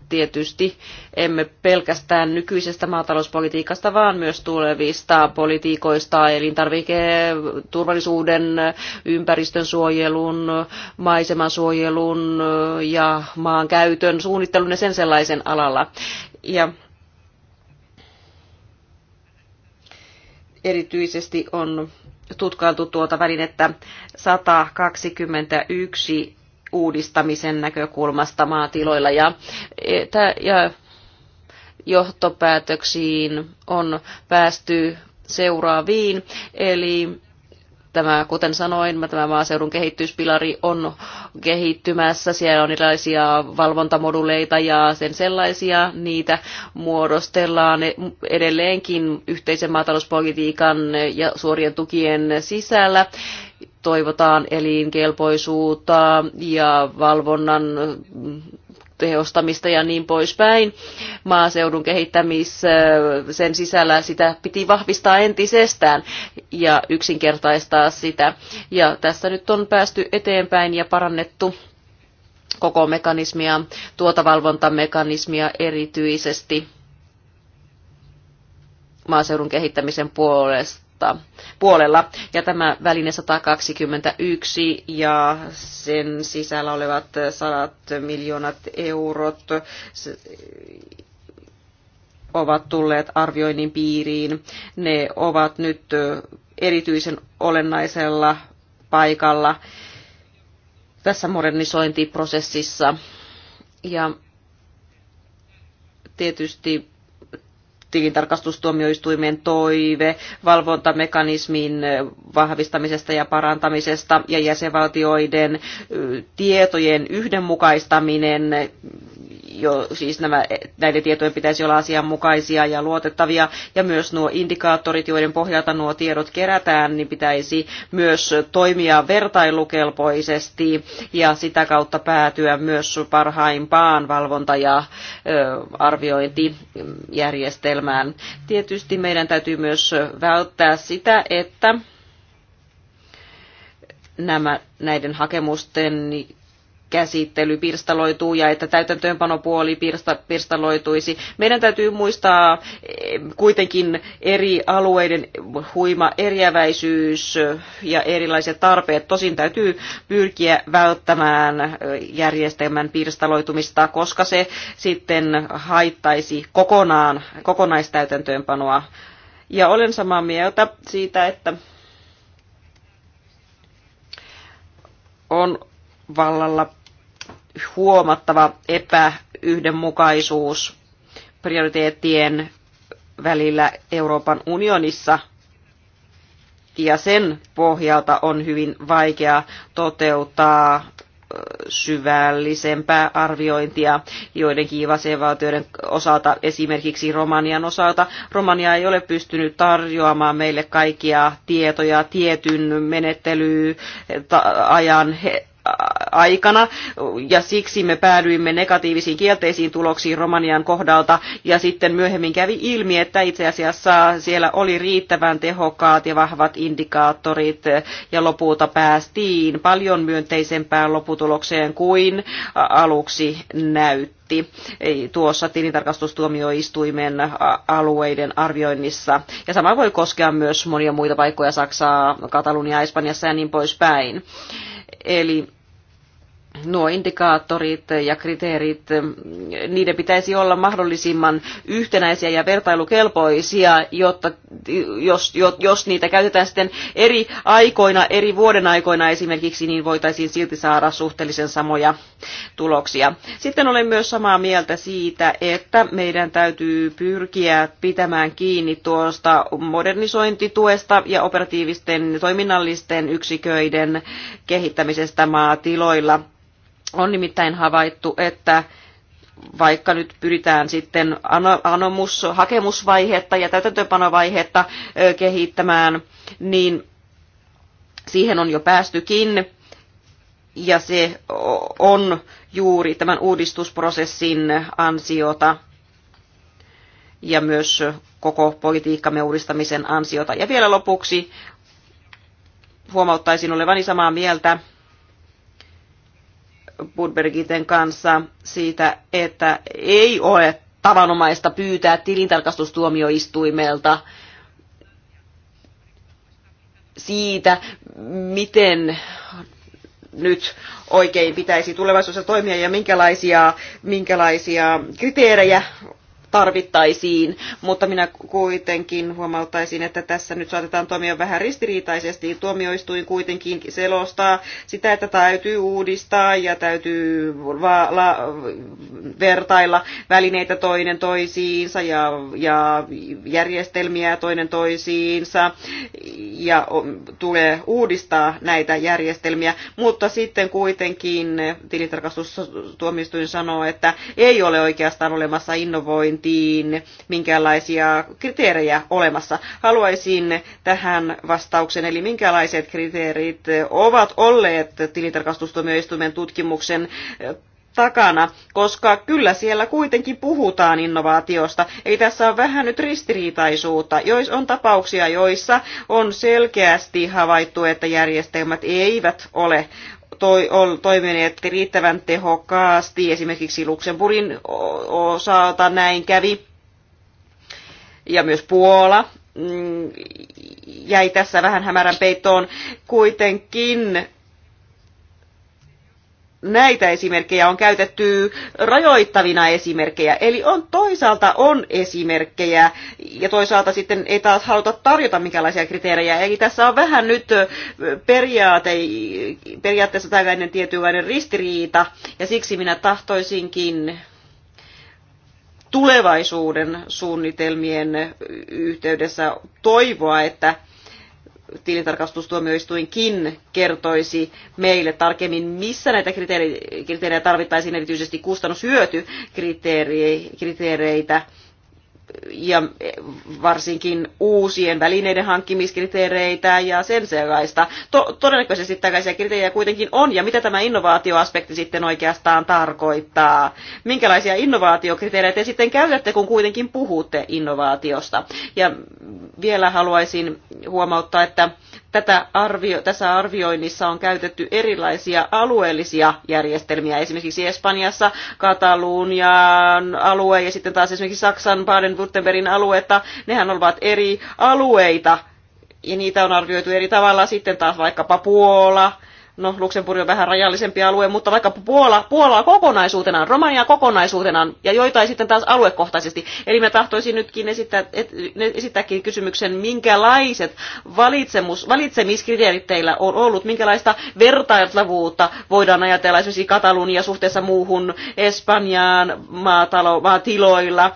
tietysti emme pelkästään nykyisestä maatalouspolitiikasta, vaan myös tulevista politiikoista, elintarviketurvallisuuden, ympäristön suojelun, maisemansuojelun ja maankäytön suunnittelun ja sen sellaisen alalla. Ja erityisesti on tutkailtu tuota välinettä 121 uudistamisen näkökulmasta maatiloilla ja, ja johtopäätöksiin on päästy seuraaviin, eli tämä, kuten sanoin, tämä maaseudun kehityspilari on kehittymässä. Siellä on erilaisia valvontamoduleita ja sen sellaisia. Niitä muodostellaan edelleenkin yhteisen maatalouspolitiikan ja suorien tukien sisällä toivotaan elinkelpoisuutta ja valvonnan tehostamista ja niin poispäin. Maaseudun kehittämis, sen sisällä sitä piti vahvistaa entisestään ja yksinkertaistaa sitä. Ja tässä nyt on päästy eteenpäin ja parannettu koko mekanismia, tuota valvontamekanismia erityisesti maaseudun kehittämisen puolesta puolella. Ja tämä väline 121 ja sen sisällä olevat sadat miljoonat eurot ovat tulleet arvioinnin piiriin. Ne ovat nyt erityisen olennaisella paikalla tässä modernisointiprosessissa. Ja tietysti tilintarkastustuomioistuimen toive valvontamekanismin vahvistamisesta ja parantamisesta ja jäsenvaltioiden tietojen yhdenmukaistaminen jo, siis nämä, näiden tietojen pitäisi olla asianmukaisia ja luotettavia, ja myös nuo indikaattorit, joiden pohjalta nuo tiedot kerätään, niin pitäisi myös toimia vertailukelpoisesti ja sitä kautta päätyä myös parhaimpaan valvonta- ja ö, arviointijärjestelmään. Tietysti meidän täytyy myös välttää sitä, että nämä, näiden hakemusten käsittely pirstaloituu ja että täytäntöönpanopuoli pirsta, pirstaloituisi. Meidän täytyy muistaa eh, kuitenkin eri alueiden huima eriäväisyys ja erilaiset tarpeet. Tosin täytyy pyrkiä välttämään eh, järjestelmän pirstaloitumista, koska se sitten haittaisi kokonaan, kokonaistäytäntöönpanoa. Ja olen samaa mieltä siitä, että on vallalla huomattava epäyhdenmukaisuus prioriteettien välillä Euroopan unionissa ja sen pohjalta on hyvin vaikea toteuttaa syvällisempää arviointia joidenkin jäsenvaltioiden osalta, esimerkiksi Romanian osalta. Romania ei ole pystynyt tarjoamaan meille kaikkia tietoja tietyn menettelyajan aikana ja siksi me päädyimme negatiivisiin kielteisiin tuloksiin Romanian kohdalta ja sitten myöhemmin kävi ilmi, että itse asiassa siellä oli riittävän tehokkaat ja vahvat indikaattorit ja lopulta päästiin paljon myönteisempään lopputulokseen kuin aluksi näytti tuossa tilintarkastustuomioistuimen alueiden arvioinnissa. Ja sama voi koskea myös monia muita paikkoja, Saksaa, Katalunia, Espanjassa ja niin poispäin. Eli nuo indikaattorit ja kriteerit, niiden pitäisi olla mahdollisimman yhtenäisiä ja vertailukelpoisia, jotta jos, jos niitä käytetään sitten eri aikoina, eri vuoden aikoina esimerkiksi, niin voitaisiin silti saada suhteellisen samoja tuloksia. Sitten olen myös samaa mieltä siitä, että meidän täytyy pyrkiä pitämään kiinni tuosta modernisointituesta ja operatiivisten toiminnallisten yksiköiden kehittämisestä maatiloilla on nimittäin havaittu, että vaikka nyt pyritään sitten anomus, hakemusvaihetta ja täytäntöpanovaihetta kehittämään, niin siihen on jo päästykin ja se on juuri tämän uudistusprosessin ansiota ja myös koko politiikkamme uudistamisen ansiota. Ja vielä lopuksi huomauttaisin olevani samaa mieltä Budbergiten kanssa siitä, että ei ole tavanomaista pyytää tilintarkastustuomioistuimelta siitä, miten nyt oikein pitäisi tulevaisuudessa toimia ja minkälaisia, minkälaisia kriteerejä tarvittaisiin, mutta minä kuitenkin huomauttaisin, että tässä nyt saatetaan toimia vähän ristiriitaisesti. Tuomioistuin kuitenkin selostaa sitä, että täytyy uudistaa ja täytyy va- la- vertailla välineitä toinen toisiinsa ja, ja järjestelmiä toinen toisiinsa ja tulee uudistaa näitä järjestelmiä, mutta sitten kuitenkin tilintarkastustuomioistuin sanoo, että ei ole oikeastaan olemassa innovointia arviointiin minkälaisia kriteerejä olemassa. Haluaisin tähän vastauksen, eli minkälaiset kriteerit ovat olleet tilintarkastustomioistuimen tutkimuksen takana, koska kyllä siellä kuitenkin puhutaan innovaatiosta. Eli tässä on vähän nyt ristiriitaisuutta. Jois on tapauksia, joissa on selkeästi havaittu, että järjestelmät eivät ole toi, ol, toimineet riittävän tehokkaasti. Esimerkiksi Luxemburgin osalta näin kävi. Ja myös Puola mm, jäi tässä vähän hämärän peittoon. Kuitenkin näitä esimerkkejä on käytetty rajoittavina esimerkkejä. Eli on toisaalta on esimerkkejä ja toisaalta sitten ei taas haluta tarjota minkälaisia kriteerejä. Eli tässä on vähän nyt periaate, periaatteessa tällainen tietynlainen ristiriita ja siksi minä tahtoisinkin tulevaisuuden suunnitelmien yhteydessä toivoa, että tilintarkastustuomioistuinkin kertoisi meille tarkemmin, missä näitä kriteerejä tarvittaisiin, erityisesti kustannushyötykriteereitä ja varsinkin uusien välineiden hankkimiskriteereitä ja sen sellaista. To- todennäköisesti tällaisia kriteerejä kuitenkin on, ja mitä tämä innovaatioaspekti sitten oikeastaan tarkoittaa? Minkälaisia innovaatiokriteerejä te sitten käytätte, kun kuitenkin puhutte innovaatiosta? Ja vielä haluaisin huomauttaa, että tätä arvio, tässä arvioinnissa on käytetty erilaisia alueellisia järjestelmiä. Esimerkiksi Espanjassa Katalunian alue ja sitten taas esimerkiksi Saksan Baden-Württembergin aluetta, nehän ovat eri alueita ja niitä on arvioitu eri tavalla. Sitten taas vaikkapa Puola, no Luxemburg on vähän rajallisempi alue, mutta vaikka Puola, Puolaa kokonaisuutenaan, Romania kokonaisuutenaan ja joitain sitten taas aluekohtaisesti. Eli mä tahtoisin nytkin esittää, et, esittääkin kysymyksen, minkälaiset valitsemus, valitsemiskriteerit teillä on ollut, minkälaista vertailtavuutta voidaan ajatella esimerkiksi Katalunia suhteessa muuhun Espanjaan maatalo, maatiloilla,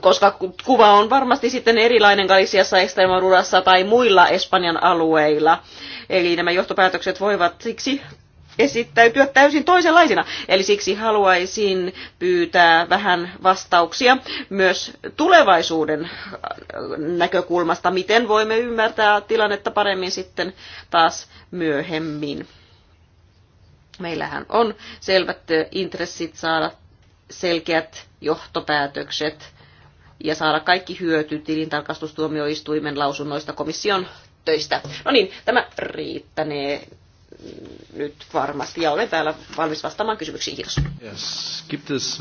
koska kuva on varmasti sitten erilainen Galiciassa, Extremadurassa tai muilla Espanjan alueilla. Eli nämä johtopäätökset voivat siksi esittäytyä täysin toisenlaisina. Eli siksi haluaisin pyytää vähän vastauksia myös tulevaisuuden äh, näkökulmasta, miten voimme ymmärtää tilannetta paremmin sitten taas myöhemmin. Meillähän on selvät intressit saada selkeät johtopäätökset ja saada kaikki hyöty tilintarkastustuomioistuimen lausunnoista komission töistä. No niin, tämä riittänee nyt varmasti ja olen täällä valmis vastaamaan kysymyksiin. Kiitos. Yes.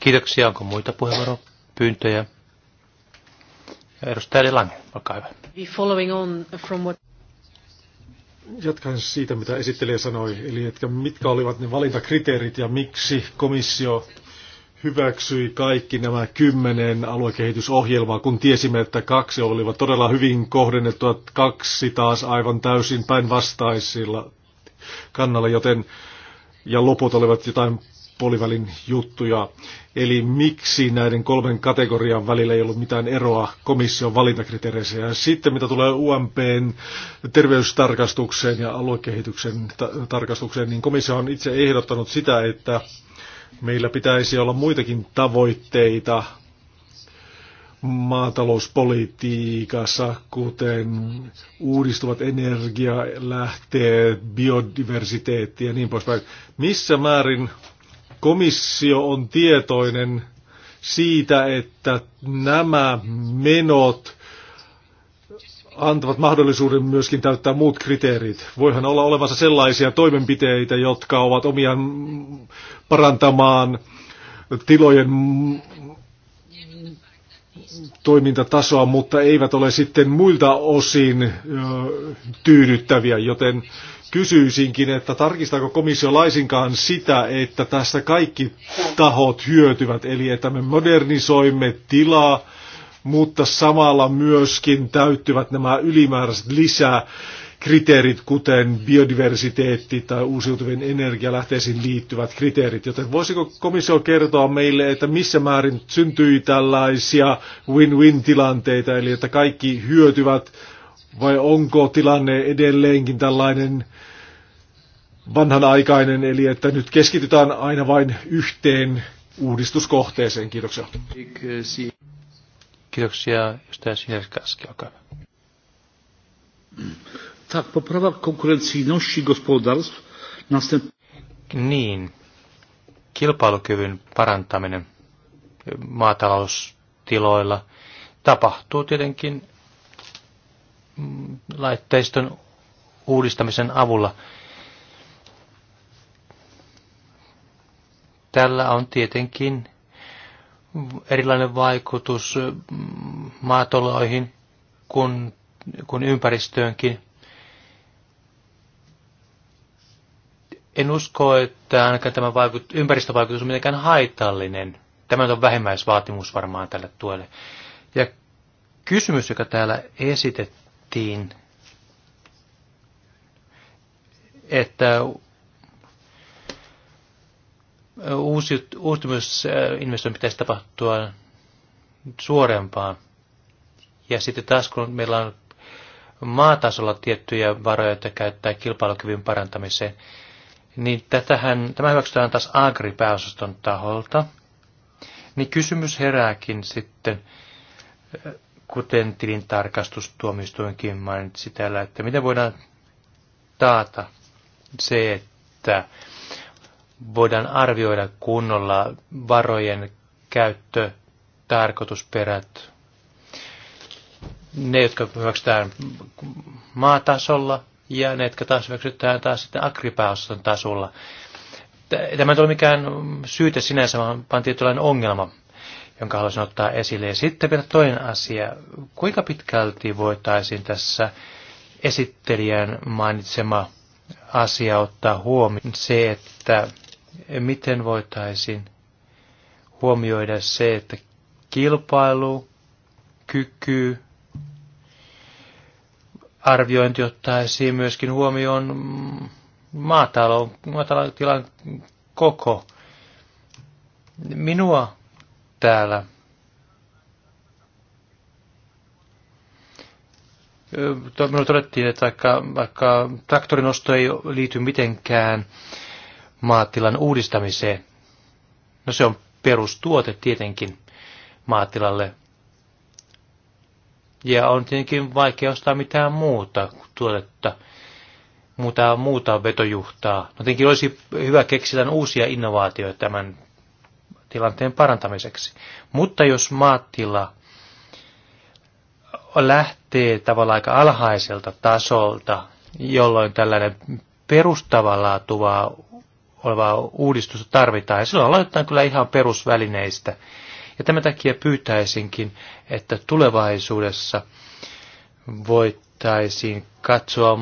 Kiitoksia. Onko muita puheenvuoropyyntöjä? Ja edustaja Lange, olkaa hyvä. following on from what... Jatkan siitä, mitä esittelijä sanoi, eli että mitkä olivat ne valintakriteerit ja miksi komissio hyväksyi kaikki nämä kymmenen aluekehitysohjelmaa, kun tiesimme, että kaksi olivat todella hyvin kohdennettua, kaksi taas aivan täysin päinvastaisilla kannalla, joten ja loput olivat jotain puolivälin juttuja. Eli miksi näiden kolmen kategorian välillä ei ollut mitään eroa komission valintakriteereissä. Ja sitten mitä tulee UMPn terveystarkastukseen ja aluekehityksen ta- tarkastukseen, niin komissio on itse ehdottanut sitä, että Meillä pitäisi olla muitakin tavoitteita maatalouspolitiikassa, kuten uudistuvat energialähteet, biodiversiteetti ja niin poispäin. Missä määrin komissio on tietoinen siitä, että nämä menot antavat mahdollisuuden myöskin täyttää muut kriteerit. Voihan olla olemassa sellaisia toimenpiteitä, jotka ovat omiaan parantamaan tilojen toimintatasoa, mutta eivät ole sitten muilta osin tyydyttäviä, joten kysyisinkin, että tarkistaako komissio laisinkaan sitä, että tästä kaikki tahot hyötyvät, eli että me modernisoimme tilaa, mutta samalla myöskin täyttyvät nämä ylimääräiset lisää kriteerit, kuten biodiversiteetti tai uusiutuvien energialähteisiin liittyvät kriteerit. Joten voisiko komissio kertoa meille, että missä määrin syntyi tällaisia win-win-tilanteita, eli että kaikki hyötyvät, vai onko tilanne edelleenkin tällainen vanhanaikainen, eli että nyt keskitytään aina vain yhteen uudistuskohteeseen. Kiitoksia. Kiitoksia, edustaja Sinerkaski, olkaa hyvä. Tak, poprawa konkurencyjności gospodarstw następ... Niin, kilpailukyvyn parantaminen maataloustiloilla tapahtuu tietenkin mm, laitteiston uudistamisen avulla. Tällä on tietenkin erilainen vaikutus maatoloihin kuin, kuin ympäristöönkin. En usko, että ainakaan tämä vaikut, ympäristövaikutus on mitenkään haitallinen. Tämä on vähimmäisvaatimus varmaan tälle tuelle. Ja kysymys, joka täällä esitettiin, että Uusiutumisinvestointi pitäisi tapahtua suorempaan. Ja sitten taas kun meillä on maatasolla tiettyjä varoja, joita käyttää kilpailukyvyn parantamiseen, niin tätähän, tämä hyväksytään taas Agri-pääosaston taholta. Niin kysymys herääkin sitten, kuten tilintarkastustuomioistuinkin mainitsi täällä, että miten voidaan taata se, että voidaan arvioida kunnolla varojen käyttö, tarkoitusperät, ne, jotka hyväksytään maatasolla ja ne, jotka taas hyväksytään taas sitten agripääosaston tasolla. Tämä ei ole mikään syyte sinänsä, vaan tietynlainen ongelma, jonka haluaisin ottaa esille. Ja sitten vielä toinen asia. Kuinka pitkälti voitaisiin tässä esittelijän mainitsema asia ottaa huomioon se, että miten voitaisiin huomioida se, että kilpailu, kyky, arviointi ottaa esiin myöskin huomioon maatalon, tilan koko. Minua täällä Minulle todettiin, että vaikka, vaikka traktorinosto ei liity mitenkään maatilan uudistamiseen. No se on perustuote tietenkin maatilalle. Ja on tietenkin vaikea ostaa mitään muuta tuotetta, muuta, muuta vetojuhtaa. No tietenkin olisi hyvä keksiä uusia innovaatioita tämän tilanteen parantamiseksi. Mutta jos maatila lähtee tavallaan aika alhaiselta tasolta, jolloin tällainen perustavaa olevaa uudistusta tarvitaan. Ja silloin aloitetaan kyllä ihan perusvälineistä. Ja tämän takia pyytäisinkin, että tulevaisuudessa voitaisiin katsoa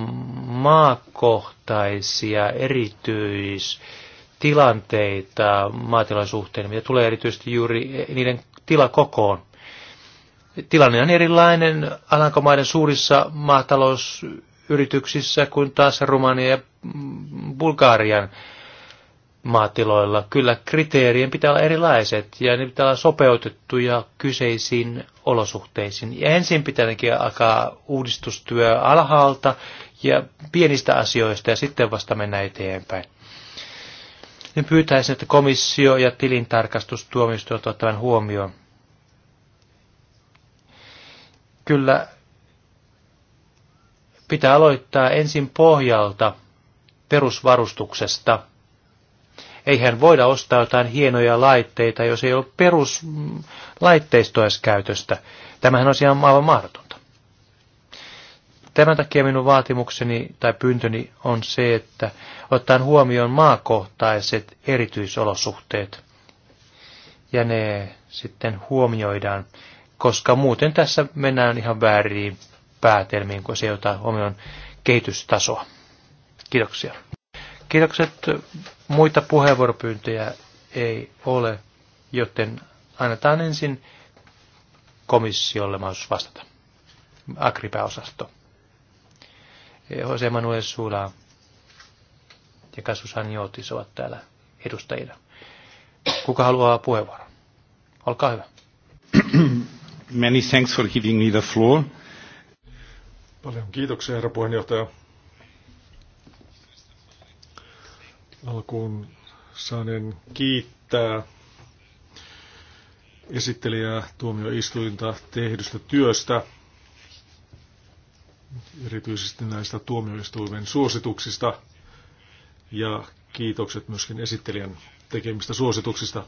maakohtaisia erityistilanteita maatilan suhteen, mitä tulee erityisesti juuri niiden tilakokoon. Tilanne on erilainen Alankomaiden suurissa maatalousyrityksissä kuin taas Rumania ja Bulgarian maatiloilla. Kyllä kriteerien pitää olla erilaiset ja ne pitää olla sopeutettuja kyseisiin olosuhteisiin. Ja ensin pitää alkaa uudistustyö alhaalta ja pienistä asioista ja sitten vasta mennä eteenpäin. Ne pyytäisin, että komissio ja tilintarkastustuomioistuin ottavat tämän huomioon. Kyllä pitää aloittaa ensin pohjalta perusvarustuksesta – Eihän voida ostaa jotain hienoja laitteita, jos ei ole peruslaitteistoa mm, käytöstä. Tämähän on ihan aivan mahdotonta. Tämän takia minun vaatimukseni tai pyyntöni on se, että ottaen huomioon maakohtaiset erityisolosuhteet ja ne sitten huomioidaan, koska muuten tässä mennään ihan väärin päätelmiin, kun se ei ota huomioon kehitystasoa. Kiitoksia. Kiitokset. Muita puheenvuoropyyntöjä ei ole, joten annetaan ensin komissiolle mahdollisuus vastata. Agripääosasto. Jose Manuel Sula ja Kasus Anjotis ovat täällä edustajina. Kuka haluaa puheenvuoron? Olkaa hyvä. Many thanks for giving me the floor. Paljon kiitoksia, herra puheenjohtaja. Alkuun saanen kiittää esittelijää tuomioistuinta tehdystä työstä, erityisesti näistä tuomioistuimen suosituksista ja kiitokset myöskin esittelijän tekemistä suosituksista.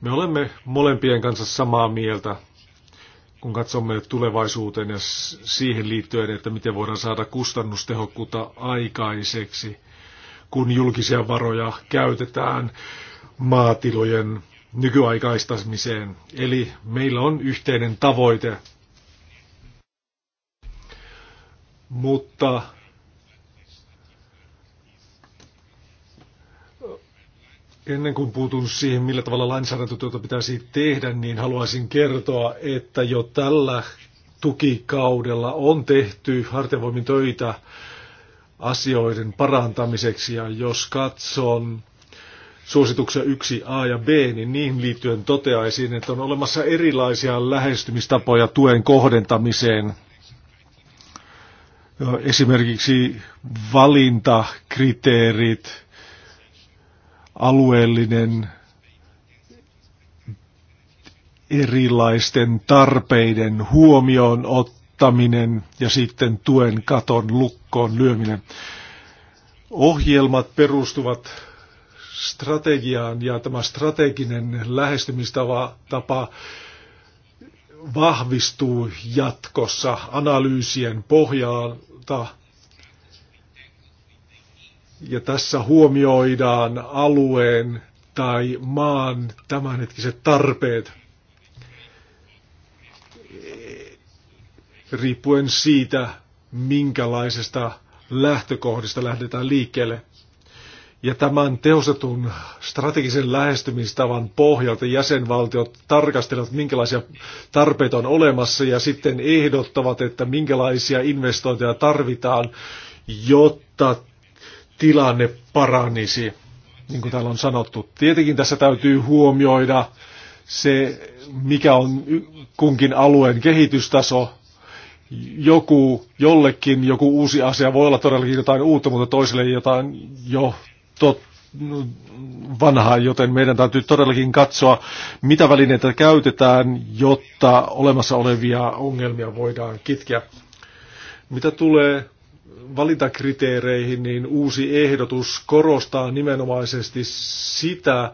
Me olemme molempien kanssa samaa mieltä, kun katsomme tulevaisuuteen ja siihen liittyen, että miten voidaan saada kustannustehokkuutta aikaiseksi – kun julkisia varoja käytetään maatilojen nykyaikaistamiseen. Eli meillä on yhteinen tavoite, mutta ennen kuin puutun siihen, millä tavalla lainsäädäntötyötä pitäisi tehdä, niin haluaisin kertoa, että jo tällä tukikaudella on tehty hartiavoimin töitä asioiden parantamiseksi. Ja jos katson suosituksia 1a ja b, niin niihin liittyen toteaisin, että on olemassa erilaisia lähestymistapoja tuen kohdentamiseen. Esimerkiksi valintakriteerit, alueellinen erilaisten tarpeiden huomioon ottaminen, asettaminen ja sitten tuen katon lukkoon lyöminen. Ohjelmat perustuvat strategiaan ja tämä strateginen lähestymistapa vahvistuu jatkossa analyysien pohjalta. Ja tässä huomioidaan alueen tai maan tämänhetkiset tarpeet. riippuen siitä, minkälaisesta lähtökohdista lähdetään liikkeelle. Ja tämän tehostetun strategisen lähestymistavan pohjalta jäsenvaltiot tarkastelevat, minkälaisia tarpeita on olemassa ja sitten ehdottavat, että minkälaisia investointeja tarvitaan, jotta tilanne paranisi. Niin kuin täällä on sanottu, tietenkin tässä täytyy huomioida se, mikä on kunkin alueen kehitystaso, joku, jollekin joku uusi asia voi olla todellakin jotain uutta, mutta toiselle jotain jo tot, vanhaa, joten meidän täytyy todellakin katsoa, mitä välineitä käytetään, jotta olemassa olevia ongelmia voidaan kitkeä. Mitä tulee valintakriteereihin, niin uusi ehdotus korostaa nimenomaisesti sitä,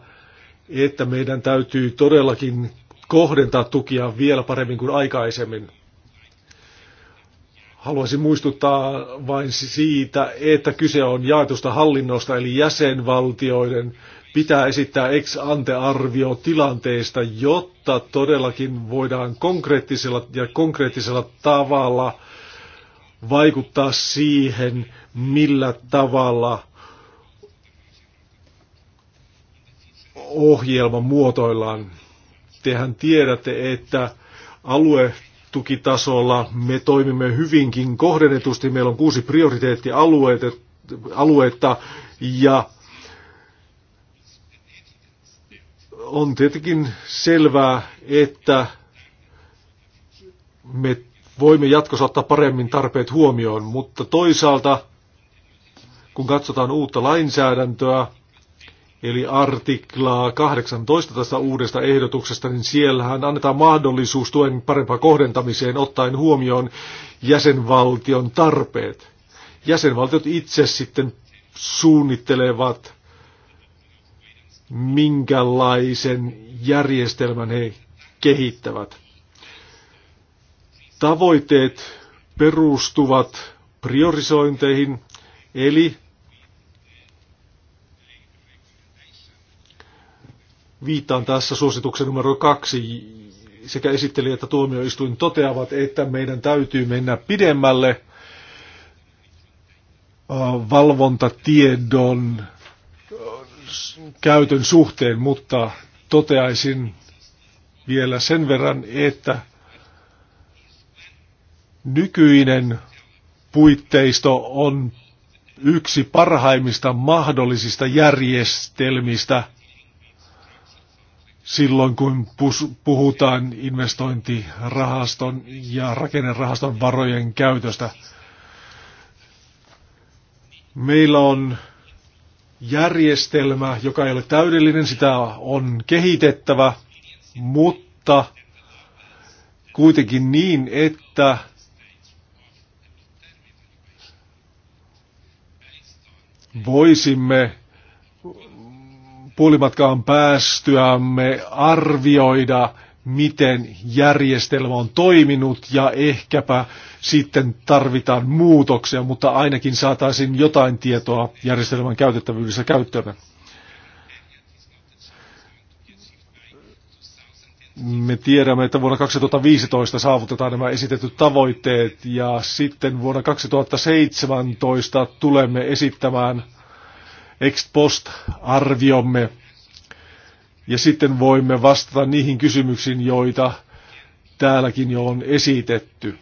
että meidän täytyy todellakin kohdentaa tukia vielä paremmin kuin aikaisemmin. Haluaisin muistuttaa vain siitä, että kyse on jaetusta hallinnosta, eli jäsenvaltioiden pitää esittää ex ante arvio tilanteesta, jotta todellakin voidaan konkreettisella ja konkreettisella tavalla vaikuttaa siihen, millä tavalla ohjelma muotoillaan. Tehän tiedätte, että alue tukitasolla me toimimme hyvinkin kohdennetusti. Meillä on kuusi prioriteettialueita ja on tietenkin selvää, että me voimme jatkossa ottaa paremmin tarpeet huomioon, mutta toisaalta kun katsotaan uutta lainsäädäntöä, eli artiklaa 18 tästä uudesta ehdotuksesta, niin siellähän annetaan mahdollisuus tuen parempaan kohdentamiseen ottaen huomioon jäsenvaltion tarpeet. Jäsenvaltiot itse sitten suunnittelevat, minkälaisen järjestelmän he kehittävät. Tavoitteet perustuvat priorisointeihin, eli Viittaan tässä suosituksen numero kaksi. Sekä esitteli, että tuomioistuin toteavat, että meidän täytyy mennä pidemmälle valvontatiedon käytön suhteen, mutta toteaisin vielä sen verran, että nykyinen puitteisto on yksi parhaimmista mahdollisista järjestelmistä silloin, kun puhutaan investointirahaston ja rakennerahaston varojen käytöstä. Meillä on järjestelmä, joka ei ole täydellinen, sitä on kehitettävä, mutta kuitenkin niin, että voisimme puolimatkaan päästyämme arvioida, miten järjestelmä on toiminut ja ehkäpä sitten tarvitaan muutoksia, mutta ainakin saataisiin jotain tietoa järjestelmän käytettävyydessä käyttöön. me tiedämme, että vuonna 2015 saavutetaan nämä esitetyt tavoitteet ja sitten vuonna 2017 tulemme esittämään ex post arviomme ja sitten voimme vastata niihin kysymyksiin, joita täälläkin jo on esitetty.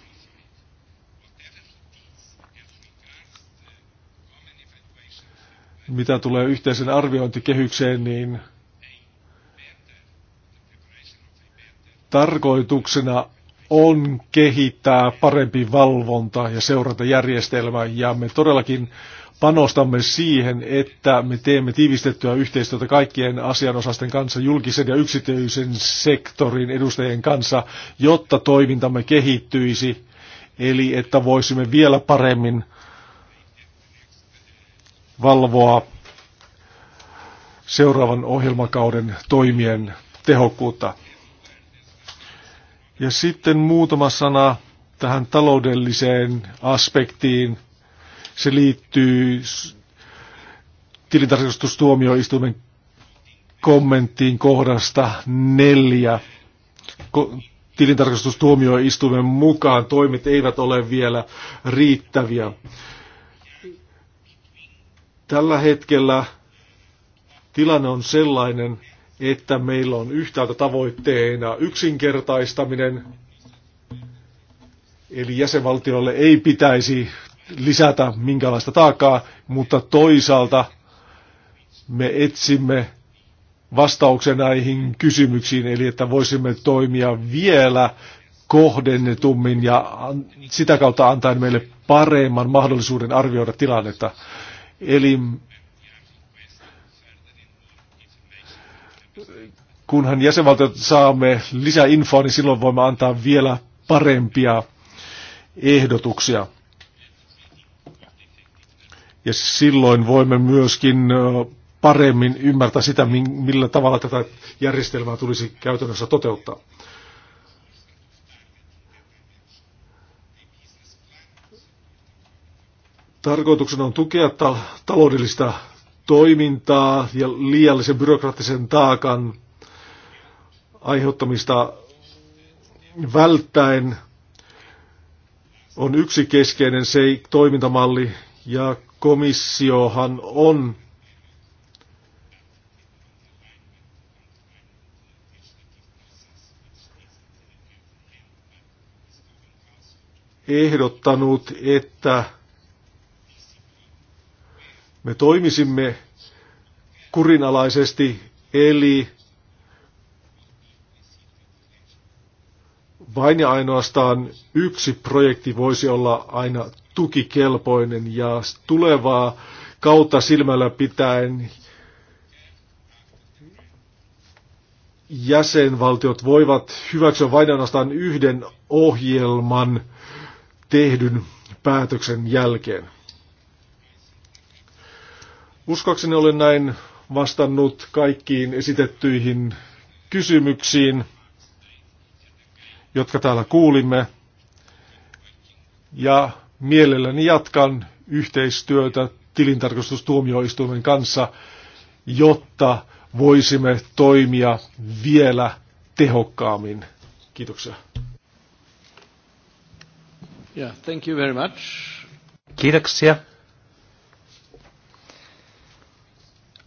Mitä tulee yhteisen arviointikehykseen, niin tarkoituksena on kehittää parempi valvonta ja seurantajärjestelmä, ja me todellakin panostamme siihen, että me teemme tiivistettyä yhteistyötä kaikkien asianosasten kanssa, julkisen ja yksityisen sektorin edustajien kanssa, jotta toimintamme kehittyisi, eli että voisimme vielä paremmin valvoa seuraavan ohjelmakauden toimien tehokkuutta. Ja sitten muutama sana tähän taloudelliseen aspektiin – se liittyy tilintarkastustuomioistuimen kommenttiin kohdasta neljä. Ko- tilintarkastustuomioistuimen mukaan toimet eivät ole vielä riittäviä. Tällä hetkellä tilanne on sellainen, että meillä on yhtäältä tavoitteena yksinkertaistaminen, eli jäsenvaltioille ei pitäisi lisätä minkälaista taakaa, mutta toisaalta me etsimme vastauksen näihin kysymyksiin, eli että voisimme toimia vielä kohdennetummin ja sitä kautta antaa meille paremman mahdollisuuden arvioida tilannetta. Eli kunhan jäsenvaltiot saamme lisää infoa, niin silloin voimme antaa vielä parempia ehdotuksia. Ja silloin voimme myöskin paremmin ymmärtää sitä, millä tavalla tätä järjestelmää tulisi käytännössä toteuttaa. Tarkoituksena on tukea ta- taloudellista toimintaa ja liiallisen byrokraattisen taakan aiheuttamista välttäen on yksi keskeinen se toimintamalli ja komissiohan on ehdottanut, että me toimisimme kurinalaisesti, eli vain ja ainoastaan yksi projekti voisi olla aina tukikelpoinen ja tulevaa kautta silmällä pitäen jäsenvaltiot voivat hyväksyä vain ainoastaan yhden ohjelman tehdyn päätöksen jälkeen. Uskoakseni olen näin vastannut kaikkiin esitettyihin kysymyksiin, jotka täällä kuulimme. Ja mielelläni jatkan yhteistyötä tilintarkastustuomioistuimen kanssa, jotta voisimme toimia vielä tehokkaammin. Kiitoksia. Yeah, thank you very much. Kiitoksia.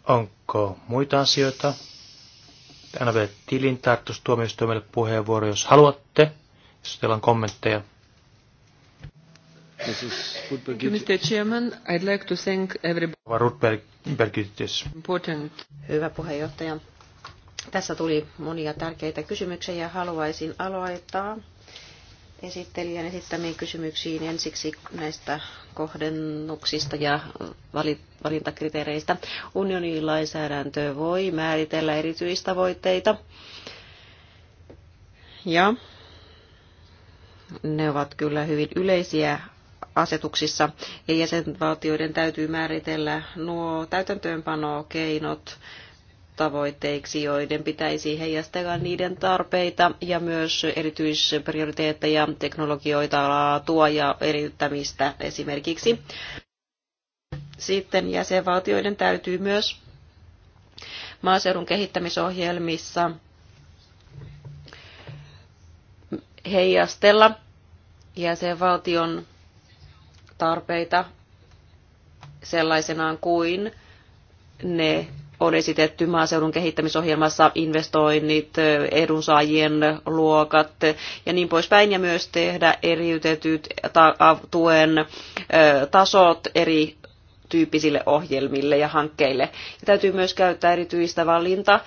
Onko muita asioita? Anna vielä tilintarkastustuomioistuimelle puheenvuoro, jos haluatte, jos teillä on kommentteja. Mr. Chairman, I'd like to thank everybody. Important. Hyvä puheenjohtaja. Tässä tuli monia tärkeitä kysymyksiä ja haluaisin aloittaa esittelijän esittämiin kysymyksiin ensiksi näistä kohdennuksista ja valintakriteereistä. Unionin lainsäädäntö voi määritellä erityistavoitteita ja ne ovat kyllä hyvin yleisiä asetuksissa ja jäsenvaltioiden täytyy määritellä nuo täytäntöönpanokeinot tavoitteiksi, joiden pitäisi heijastella niiden tarpeita ja myös erityisprioriteetteja, teknologioita, laatua ja eriyttämistä esimerkiksi. Sitten jäsenvaltioiden täytyy myös maaseudun kehittämisohjelmissa heijastella jäsenvaltion tarpeita sellaisenaan kuin ne on esitetty maaseudun kehittämisohjelmassa investoinnit, edunsaajien luokat ja niin poispäin, ja myös tehdä eriytetyt tuen tasot eri tyyppisille ohjelmille ja hankkeille. Ja täytyy myös käyttää erityistä valinta,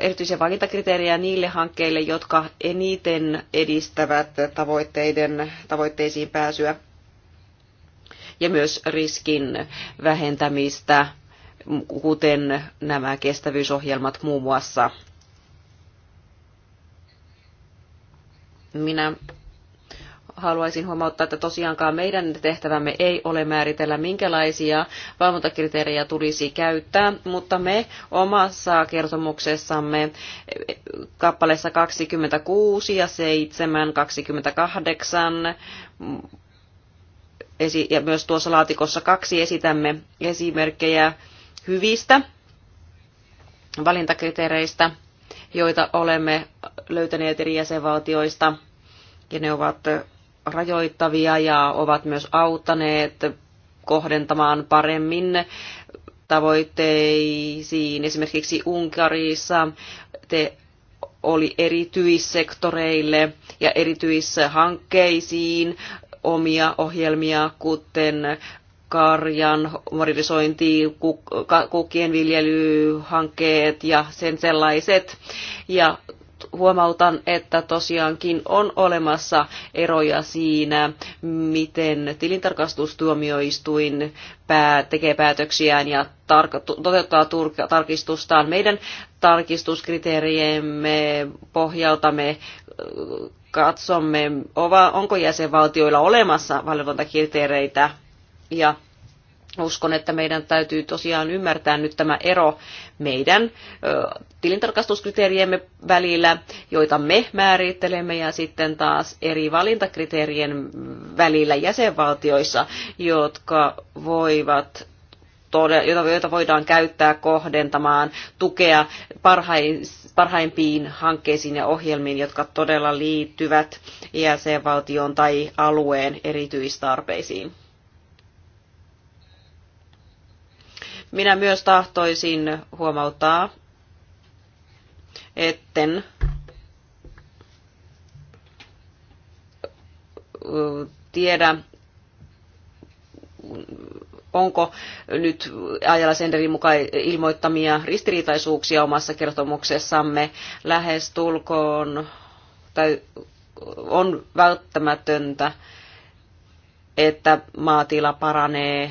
erityisiä valintakriteerejä niille hankkeille, jotka eniten edistävät tavoitteiden, tavoitteisiin pääsyä ja myös riskin vähentämistä, kuten nämä kestävyysohjelmat muun muassa. Minä haluaisin huomauttaa, että tosiaankaan meidän tehtävämme ei ole määritellä, minkälaisia valvontakriteerejä tulisi käyttää, mutta me omassa kertomuksessamme kappaleessa 26 ja 7, 28 ja myös tuossa laatikossa kaksi esitämme esimerkkejä hyvistä valintakriteereistä, joita olemme löytäneet eri jäsenvaltioista, ja ne ovat rajoittavia ja ovat myös auttaneet kohdentamaan paremmin tavoitteisiin. Esimerkiksi Unkarissa te oli erityissektoreille ja erityishankkeisiin omia ohjelmia, kuten karjan morilisointi, kukkien viljelyhankkeet ja sen sellaiset. Ja huomautan, että tosiaankin on olemassa eroja siinä, miten tilintarkastustuomioistuin pää, tekee päätöksiään ja tark- toteuttaa tur- tarkistustaan. Meidän tarkistuskriteeriemme pohjalta me katsomme, onko jäsenvaltioilla olemassa valvontakriteereitä ja uskon, että meidän täytyy tosiaan ymmärtää nyt tämä ero meidän tilintarkastuskriteeriemme välillä, joita me määrittelemme, ja sitten taas eri valintakriteerien välillä jäsenvaltioissa, jotka voivat joita voidaan käyttää kohdentamaan tukea parhaimpiin hankkeisiin ja ohjelmiin, jotka todella liittyvät jäsenvaltion tai alueen erityistarpeisiin. Minä myös tahtoisin huomauttaa, etten tiedä onko nyt Ajala Senderin mukaan ilmoittamia ristiriitaisuuksia omassa kertomuksessamme lähestulkoon tai on välttämätöntä, että maatila paranee,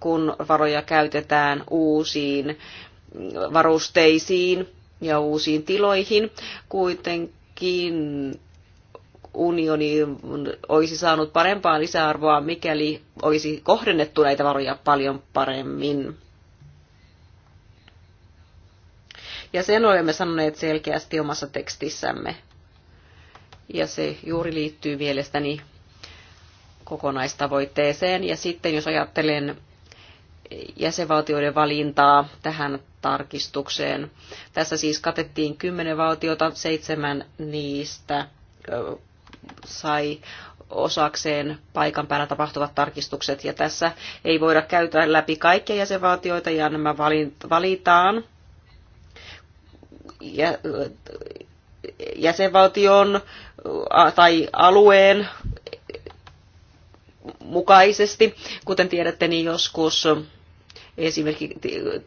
kun varoja käytetään uusiin varusteisiin ja uusiin tiloihin. Kuitenkin unioni olisi saanut parempaa lisäarvoa, mikäli olisi kohdennettu näitä varoja paljon paremmin. Ja sen olemme sanoneet selkeästi omassa tekstissämme. Ja se juuri liittyy mielestäni kokonaistavoitteeseen. Ja sitten jos ajattelen jäsenvaltioiden valintaa tähän tarkistukseen. Tässä siis katettiin kymmenen valtiota, seitsemän niistä sai osakseen paikan päällä tapahtuvat tarkistukset. Ja tässä ei voida käytä läpi kaikkia jäsenvaltioita ja nämä valitaan ja, jäsenvaltion tai alueen mukaisesti. Kuten tiedätte, niin joskus Esimerkiksi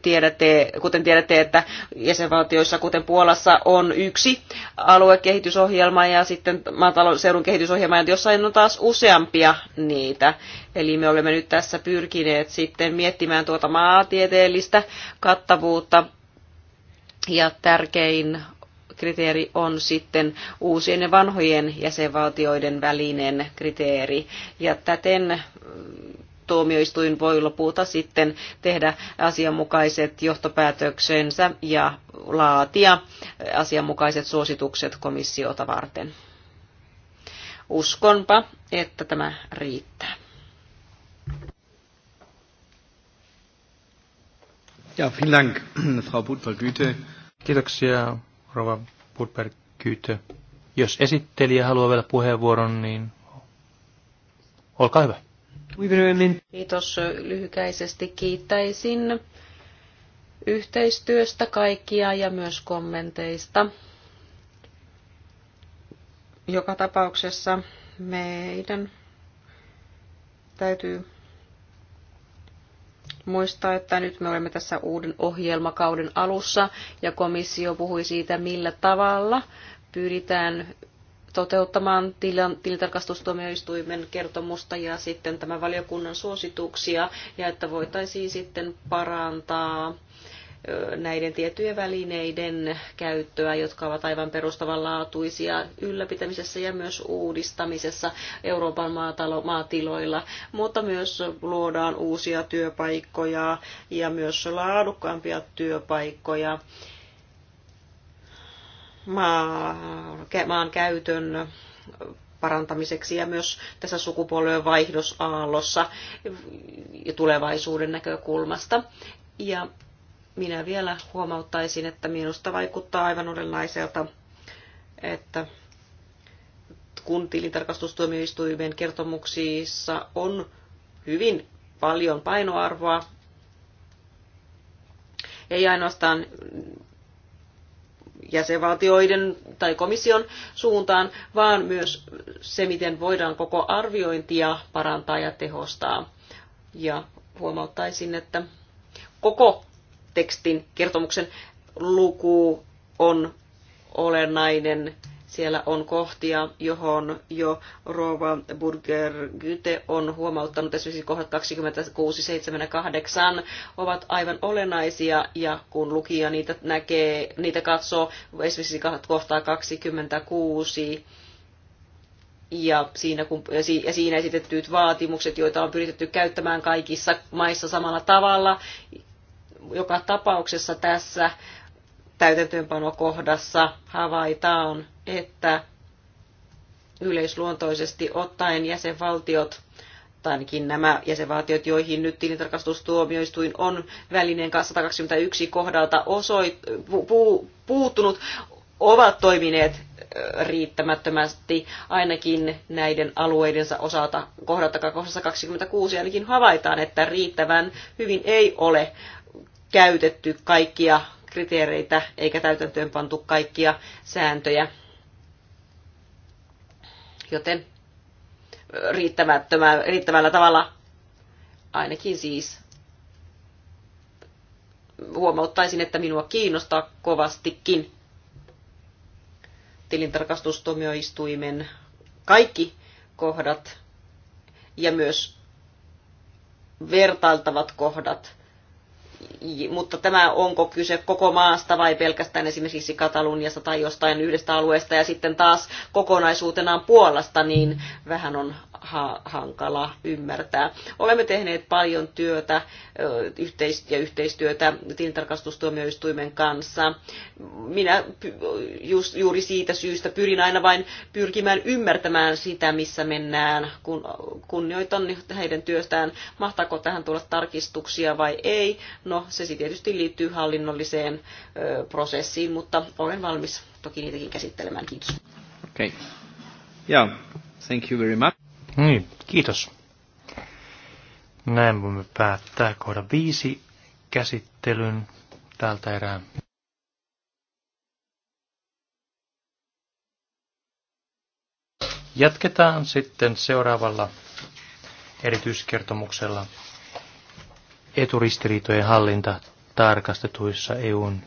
tiedätte, kuten tiedätte, että jäsenvaltioissa, kuten Puolassa, on yksi aluekehitysohjelma ja sitten maatalousseudun kehitysohjelma, ja jossain on taas useampia niitä. Eli me olemme nyt tässä pyrkineet sitten miettimään tuota maatieteellistä kattavuutta. Ja tärkein kriteeri on sitten uusien ja vanhojen jäsenvaltioiden välinen kriteeri. Ja täten tuomioistuin voi lopulta sitten tehdä asianmukaiset johtopäätöksensä ja laatia asianmukaiset suositukset komissiota varten. Uskonpa, että tämä riittää. Ja, vielen Dank, Frau budberg Kiitoksia, Rova Budberg-Güte. Jos esittelijä haluaa vielä puheenvuoron, niin olkaa hyvä. Kiitos lyhykäisesti. Kiittäisin yhteistyöstä kaikkia ja myös kommenteista. Joka tapauksessa meidän täytyy muistaa, että nyt me olemme tässä uuden ohjelmakauden alussa ja komissio puhui siitä, millä tavalla pyritään toteuttamaan tilintarkastustuomioistuimen kertomusta ja sitten tämän valiokunnan suosituksia ja että voitaisiin sitten parantaa näiden tiettyjen välineiden käyttöä, jotka ovat aivan perustavanlaatuisia ylläpitämisessä ja myös uudistamisessa Euroopan maatalo, maatiloilla, mutta myös luodaan uusia työpaikkoja ja myös laadukkaampia työpaikkoja maan käytön parantamiseksi ja myös tässä sukupolven vaihdosaallossa ja tulevaisuuden näkökulmasta. Ja minä vielä huomauttaisin, että minusta vaikuttaa aivan olennaiselta, että kun tilintarkastustuomioistuimen kertomuksissa on hyvin paljon painoarvoa, ei ainoastaan jäsenvaltioiden tai komission suuntaan, vaan myös se, miten voidaan koko arviointia parantaa ja tehostaa. Ja huomauttaisin, että koko tekstin kertomuksen luku on olennainen siellä on kohtia, johon jo Rova Burger Gyte on huomauttanut, esimerkiksi kohdat 26, 7 ja 8 ovat aivan olennaisia, ja kun lukija niitä näkee, niitä katsoo, esimerkiksi kohtaa 26, ja siinä, kun, ja siinä esitettyt vaatimukset, joita on pyritetty käyttämään kaikissa maissa samalla tavalla. Joka tapauksessa tässä täytäntöönpanokohdassa havaitaan, että yleisluontoisesti ottaen jäsenvaltiot tai ainakin nämä jäsenvaltiot, joihin nyt tilintarkastustuomioistuin on välineen kanssa 121 kohdalta osoit, pu, pu, puuttunut, ovat toimineet riittämättömästi ainakin näiden alueidensa osalta kohdalta 26 ainakin havaitaan, että riittävän hyvin ei ole käytetty kaikkia kriteereitä eikä täytäntöön pantu kaikkia sääntöjä. Joten riittävällä tavalla ainakin siis huomauttaisin, että minua kiinnostaa kovastikin tilintarkastustuomioistuimen kaikki kohdat ja myös vertailtavat kohdat mutta tämä onko kyse koko maasta vai pelkästään esimerkiksi Kataluniasta tai jostain yhdestä alueesta ja sitten taas kokonaisuutenaan Puolasta, niin vähän on ha- hankala ymmärtää. Olemme tehneet paljon työtä yhteis- ja yhteistyötä tilintarkastustuomioistuimen kanssa. Minä just, juuri siitä syystä pyrin aina vain pyrkimään ymmärtämään sitä, missä mennään, kun kunnioitan heidän työstään. Mahtaako tähän tulla tarkistuksia vai ei? No, se tietysti liittyy hallinnolliseen prosessiin, mutta olen valmis toki niitäkin käsittelemään. Kiitos. Okei. Okay. Yeah. Thank you very much. Niin, kiitos. Näin voimme päättää kohdan viisi käsittelyn tältä erää. Jatketaan sitten seuraavalla erityiskertomuksella eturistiriitojen hallinta tarkastetuissa EUn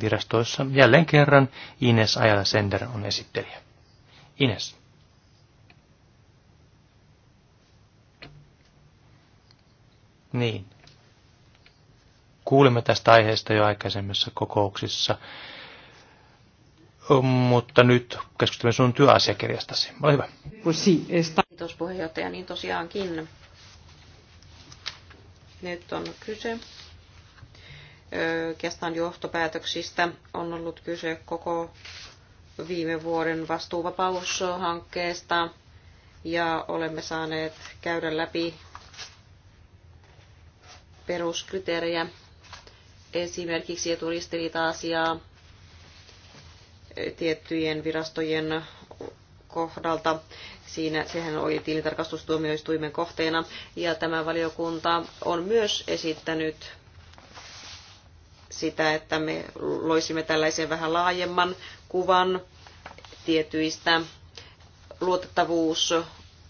virastoissa. Jälleen kerran Ines Ajala Sender on esittelijä. Ines. Niin. Kuulimme tästä aiheesta jo aikaisemmissa kokouksissa, mutta nyt keskustelemme sun työasiakirjastasi. Ole hyvä. Kiitos puheenjohtaja, niin tosiaankin nyt on kyse oikeastaan johtopäätöksistä on ollut kyse koko viime vuoden vastuuvapaushankkeesta ja olemme saaneet käydä läpi peruskriteerejä, esimerkiksi eturistiriita-asiaa, tiettyjen virastojen kohdalta. Siinä sehän oli tilintarkastustuomioistuimen kohteena. Ja tämä valiokunta on myös esittänyt sitä, että me loisimme tällaisen vähän laajemman kuvan tietyistä luotettavuus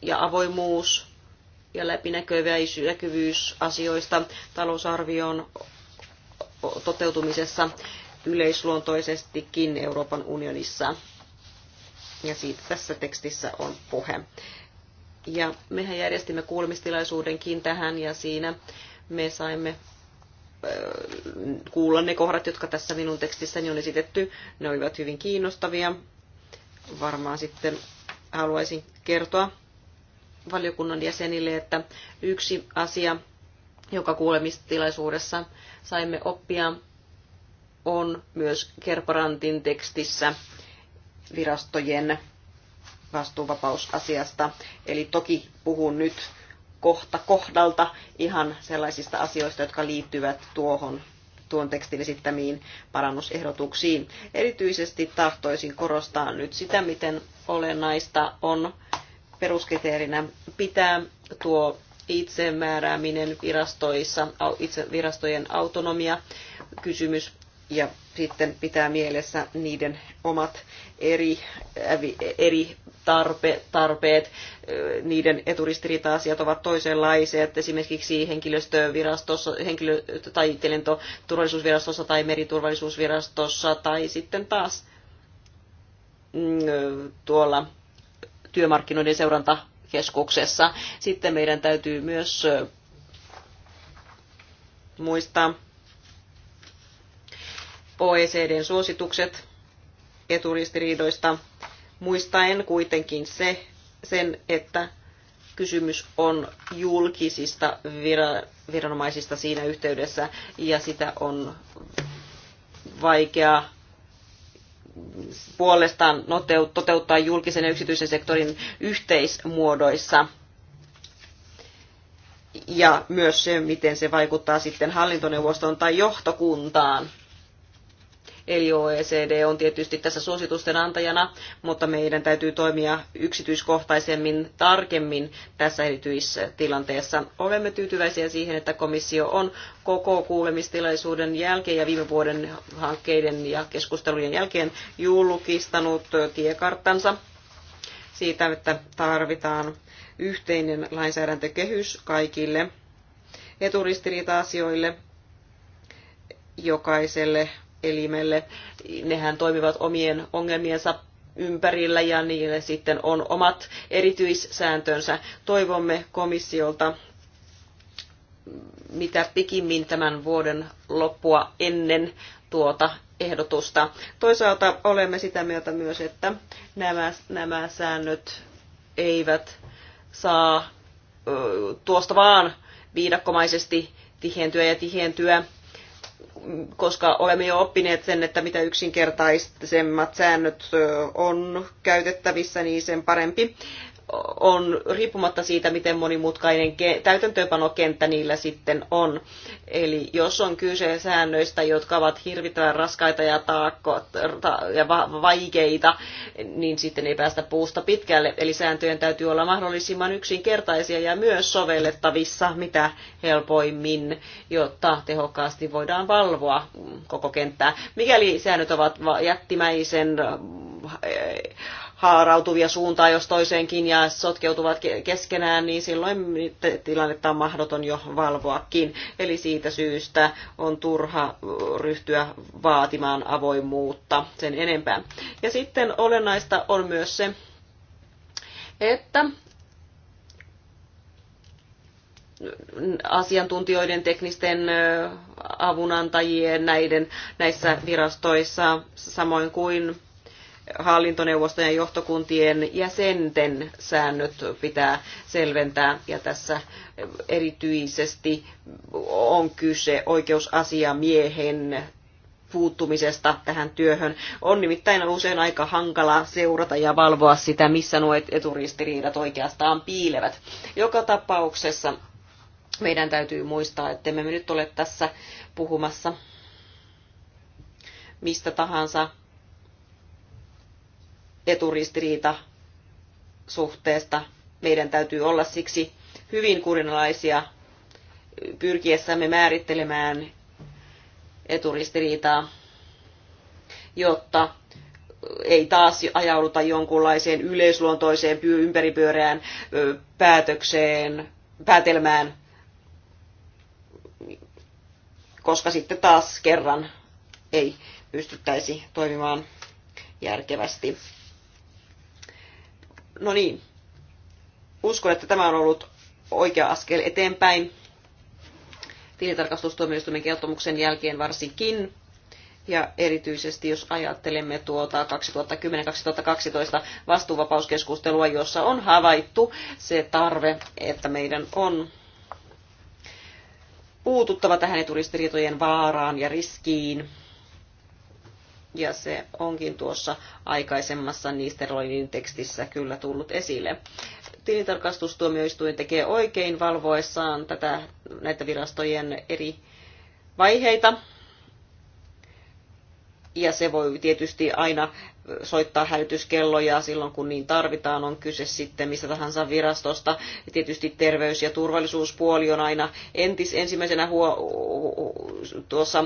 ja avoimuus ja läpinäkyvyys asioista talousarvion toteutumisessa yleisluontoisestikin Euroopan unionissa. Ja siitä tässä tekstissä on puhe. Ja mehän järjestimme kuulemistilaisuudenkin tähän ja siinä me saimme kuulla ne kohdat, jotka tässä minun tekstissäni on esitetty. Ne olivat hyvin kiinnostavia. Varmaan sitten haluaisin kertoa valiokunnan jäsenille, että yksi asia, joka kuulemistilaisuudessa saimme oppia, on myös Kerparantin tekstissä virastojen vastuuvapausasiasta. Eli toki puhun nyt kohta kohdalta ihan sellaisista asioista, jotka liittyvät tuohon tuon tekstin esittämiin parannusehdotuksiin. Erityisesti tahtoisin korostaa nyt sitä, miten olennaista on peruskriteerinä pitää tuo itsemäärääminen virastoissa, virastojen autonomia, kysymys ja sitten pitää mielessä niiden omat eri, eri tarpe, tarpeet, niiden eturistiriita-asiat ovat että esimerkiksi henkilöstövirastossa henkilö, tai turvallisuusvirastossa tai meriturvallisuusvirastossa tai sitten taas mm, tuolla työmarkkinoiden seurantakeskuksessa. Sitten meidän täytyy myös muistaa, OECDn suositukset eturistiriidoista, muistaen kuitenkin se, sen, että kysymys on julkisista viranomaisista siinä yhteydessä ja sitä on vaikea puolestaan toteuttaa julkisen ja yksityisen sektorin yhteismuodoissa. Ja myös se, miten se vaikuttaa sitten hallintoneuvostoon tai johtokuntaan Eli OECD on tietysti tässä suositusten antajana, mutta meidän täytyy toimia yksityiskohtaisemmin tarkemmin tässä erityistilanteessa. Olemme tyytyväisiä siihen, että komissio on koko kuulemistilaisuuden jälkeen ja viime vuoden hankkeiden ja keskustelujen jälkeen julkistanut tiekarttansa siitä, että tarvitaan yhteinen lainsäädäntökehys kaikille eturistiriita-asioille jokaiselle elimelle. Nehän toimivat omien ongelmiensa ympärillä ja niille sitten on omat erityissääntönsä. Toivomme komissiolta mitä pikimmin tämän vuoden loppua ennen tuota ehdotusta. Toisaalta olemme sitä mieltä myös, että nämä, nämä säännöt eivät saa ö, tuosta vaan viidakkomaisesti tihentyä ja tihentyä koska olemme jo oppineet sen, että mitä yksinkertaisemmat säännöt on käytettävissä, niin sen parempi on riippumatta siitä, miten monimutkainen täytäntöönpanokenttä niillä sitten on. Eli jos on kyse säännöistä, jotka ovat hirvittävän raskaita ja, taakko, ta, ja va, vaikeita, niin sitten ei päästä puusta pitkälle. Eli sääntöjen täytyy olla mahdollisimman yksinkertaisia ja myös sovellettavissa mitä helpoimmin, jotta tehokkaasti voidaan valvoa koko kenttää. Mikäli säännöt ovat jättimäisen haarautuvia suuntaa, jos toiseenkin ja sotkeutuvat keskenään, niin silloin tilannetta on mahdoton jo valvoakin. Eli siitä syystä on turha ryhtyä vaatimaan avoimuutta sen enempää. Ja sitten olennaista on myös se, että asiantuntijoiden, teknisten avunantajien näiden, näissä virastoissa, samoin kuin hallintoneuvoston ja johtokuntien jäsenten säännöt pitää selventää. Ja tässä erityisesti on kyse oikeusasiamiehen puuttumisesta tähän työhön. On nimittäin usein aika hankala seurata ja valvoa sitä, missä nuo eturistiriidat oikeastaan piilevät. Joka tapauksessa meidän täytyy muistaa, että me nyt ole tässä puhumassa mistä tahansa eturistiriita suhteesta. Meidän täytyy olla siksi hyvin kurinalaisia pyrkiessämme määrittelemään eturistiriitaa, jotta ei taas ajauduta jonkunlaiseen yleisluontoiseen ympäripyöreään päätökseen, päätelmään, koska sitten taas kerran ei pystyttäisi toimimaan järkevästi. No niin, uskon, että tämä on ollut oikea askel eteenpäin tilitarkastustuomioistuimen kertomuksen jälkeen varsinkin. Ja erityisesti jos ajattelemme tuota 2010-2012 vastuuvapauskeskustelua, jossa on havaittu se tarve, että meidän on puututtava tähän eturistiriitojen vaaraan ja riskiin ja se onkin tuossa aikaisemmassa Niisterloinin tekstissä kyllä tullut esille. Tilintarkastustuomioistuin tekee oikein valvoessaan tätä, näitä virastojen eri vaiheita, ja se voi tietysti aina soittaa hälytyskelloja silloin, kun niin tarvitaan. On kyse sitten missä tahansa virastosta. Tietysti terveys- ja turvallisuuspuoli on aina entis, ensimmäisenä huo, tuossa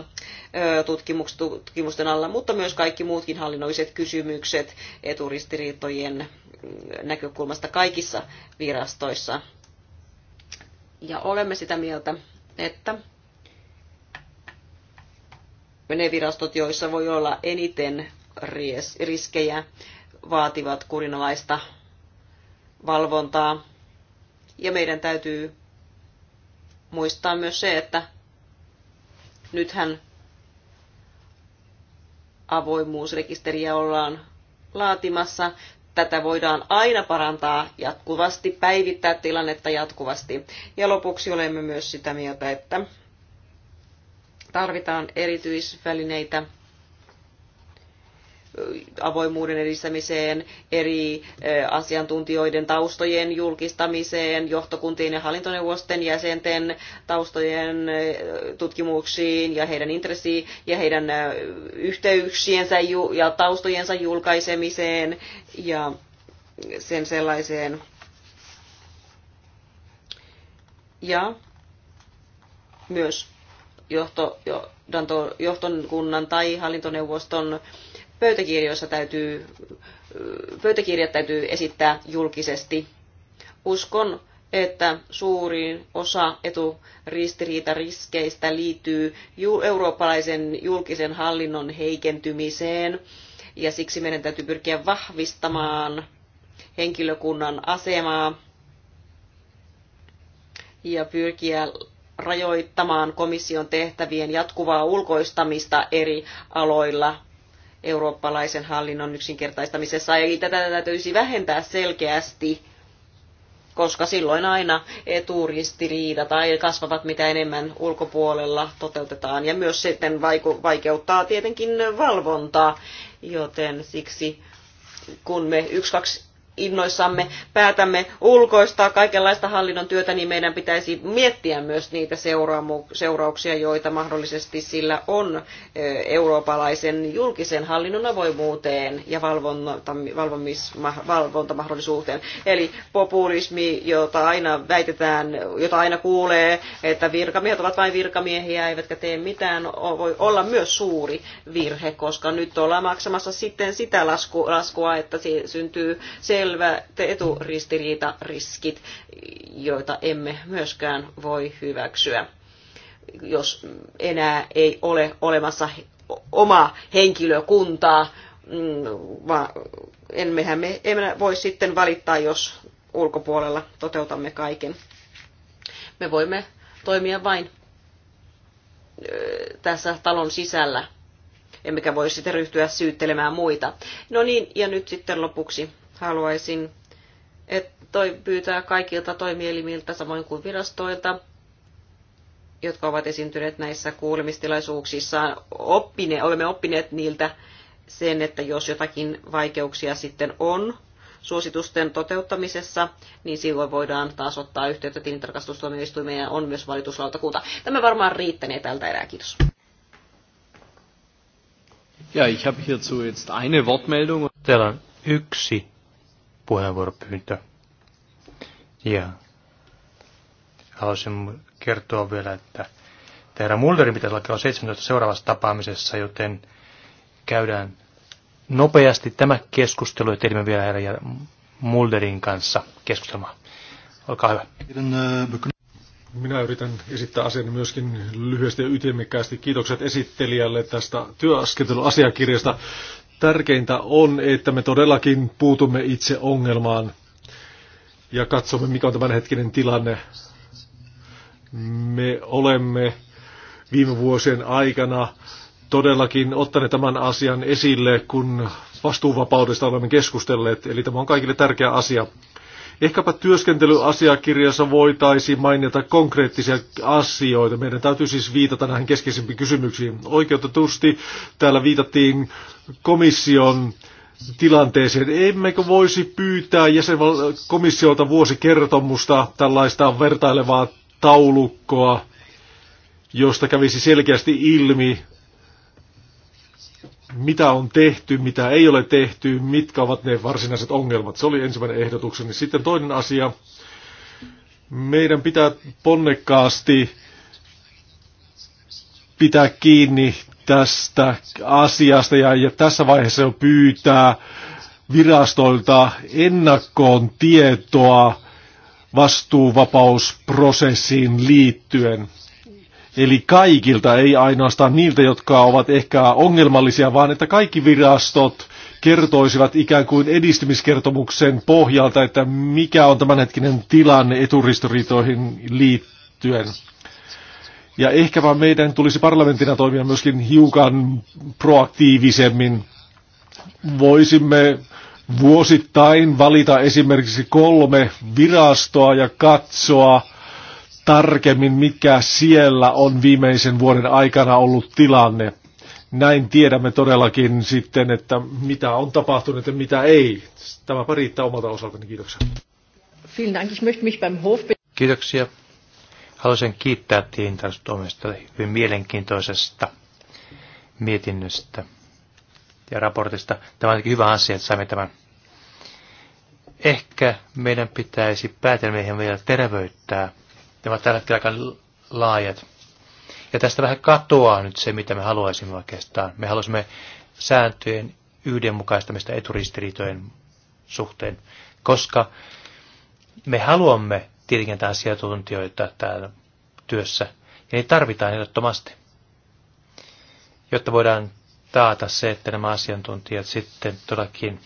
tutkimusten alla, mutta myös kaikki muutkin hallinnolliset kysymykset eturistiriitojen mm, näkökulmasta kaikissa virastoissa. Ja olemme sitä mieltä, että ne virastot, joissa voi olla eniten riskejä vaativat kurinalaista valvontaa. Ja meidän täytyy muistaa myös se, että nythän avoimuusrekisteriä ollaan laatimassa. Tätä voidaan aina parantaa jatkuvasti, päivittää tilannetta jatkuvasti. Ja lopuksi olemme myös sitä mieltä, että tarvitaan erityisvälineitä avoimuuden edistämiseen, eri asiantuntijoiden taustojen julkistamiseen, johtokuntien ja hallintoneuvosten jäsenten taustojen tutkimuksiin ja heidän intressiin ja heidän yhteyksiensä ja taustojensa julkaisemiseen ja sen sellaiseen. Ja myös johto, tai hallintoneuvoston pöytäkirjoissa täytyy, pöytäkirjat täytyy esittää julkisesti. Uskon, että suurin osa eturistiriitariskeistä liittyy eurooppalaisen julkisen hallinnon heikentymiseen, ja siksi meidän täytyy pyrkiä vahvistamaan henkilökunnan asemaa ja pyrkiä rajoittamaan komission tehtävien jatkuvaa ulkoistamista eri aloilla eurooppalaisen hallinnon yksinkertaistamisessa. Eli tätä täytyisi vähentää selkeästi, koska silloin aina eturistiriita tai kasvavat mitä enemmän ulkopuolella toteutetaan. Ja myös sitten vaikeuttaa tietenkin valvontaa, joten siksi kun me yksi, kaksi, innoissamme päätämme ulkoistaa kaikenlaista hallinnon työtä, niin meidän pitäisi miettiä myös niitä seurauksia, joita mahdollisesti sillä on eurooppalaisen julkisen hallinnon avoimuuteen ja valvontamahdollisuuteen. Eli populismi, jota aina väitetään, jota aina kuulee, että virkamiehet ovat vain virkamiehiä, eivätkä tee mitään, voi olla myös suuri virhe, koska nyt ollaan maksamassa sitten sitä laskua, että se syntyy se selvä eturistiriitariskit, joita emme myöskään voi hyväksyä, jos enää ei ole olemassa oma henkilökuntaa, mm, vaan emmehän me emme voi sitten valittaa, jos ulkopuolella toteutamme kaiken. Me voimme toimia vain tässä talon sisällä, emmekä voi sitten ryhtyä syyttelemään muita. No niin, ja nyt sitten lopuksi Haluaisin että toi, pyytää kaikilta toimielimiltä, samoin kuin virastoilta, jotka ovat esiintyneet näissä kuulemistilaisuuksissa, oppine, olemme oppineet niiltä sen, että jos jotakin vaikeuksia sitten on suositusten toteuttamisessa, niin silloin voidaan taas ottaa yhteyttä tilintarkastustuomioistuimeen ja on myös valituslautakunta. Tämä varmaan riittänee tältä erää. Kiitos. Ja, ich habe hierzu jetzt eine Wortmeldung. Täällä on yksi puheenvuoropyyntö. Ja haluaisin kertoa vielä, että herra Mulderin pitäisi olla kello 17 seuraavassa tapaamisessa, joten käydään nopeasti tämä keskustelu ja teemme vielä herra Mulderin kanssa keskustelmaa. Olkaa hyvä. Minä yritän esittää asian myöskin lyhyesti ja ytimekkäästi. Kiitokset esittelijälle tästä työskentelyasiakirjasta. Tärkeintä on, että me todellakin puutumme itse ongelmaan ja katsomme, mikä on tämänhetkinen tilanne. Me olemme viime vuosien aikana todellakin ottaneet tämän asian esille, kun vastuuvapaudesta olemme keskustelleet. Eli tämä on kaikille tärkeä asia. Ehkäpä työskentelyasiakirjassa voitaisiin mainita konkreettisia asioita. Meidän täytyy siis viitata näihin keskeisimpiin kysymyksiin. Oikeutetusti täällä viitattiin komission tilanteeseen. Emmekö voisi pyytää jäsenkomissiolta vuosikertomusta tällaista vertailevaa taulukkoa, josta kävisi selkeästi ilmi, mitä on tehty, mitä ei ole tehty, mitkä ovat ne varsinaiset ongelmat. Se oli ensimmäinen ehdotukseni. Sitten toinen asia. Meidän pitää ponnekkaasti pitää kiinni tästä asiasta ja, ja tässä vaiheessa jo pyytää virastoilta ennakkoon tietoa vastuuvapausprosessiin liittyen. Eli kaikilta, ei ainoastaan niiltä, jotka ovat ehkä ongelmallisia, vaan että kaikki virastot kertoisivat ikään kuin edistymiskertomuksen pohjalta, että mikä on tämänhetkinen tilanne eturistoriitoihin liittyen. Ja ehkäpä meidän tulisi parlamentina toimia myöskin hiukan proaktiivisemmin. Voisimme vuosittain valita esimerkiksi kolme virastoa ja katsoa, tarkemmin, mikä siellä on viimeisen vuoden aikana ollut tilanne. Näin tiedämme todellakin sitten, että mitä on tapahtunut ja mitä ei. Tämä riittää omalta osaltani. Kiitoksia. Kiitoksia. Haluaisin kiittää tilintarkastustoimistosta hyvin mielenkiintoisesta mietinnöstä ja raportista. Tämä on hyvä asia, että saimme tämän. Ehkä meidän pitäisi päätelmiehen vielä terveyttää. Ne ovat tällä hetkellä aika laajat. Ja tästä vähän katoaa nyt se, mitä me haluaisimme oikeastaan. Me haluaisimme sääntöjen yhdenmukaistamista eturistiriitojen suhteen, koska me haluamme tietenkin asiantuntijoita täällä työssä, ja niitä tarvitaan ehdottomasti, jotta voidaan taata se, että nämä asiantuntijat sitten todellakin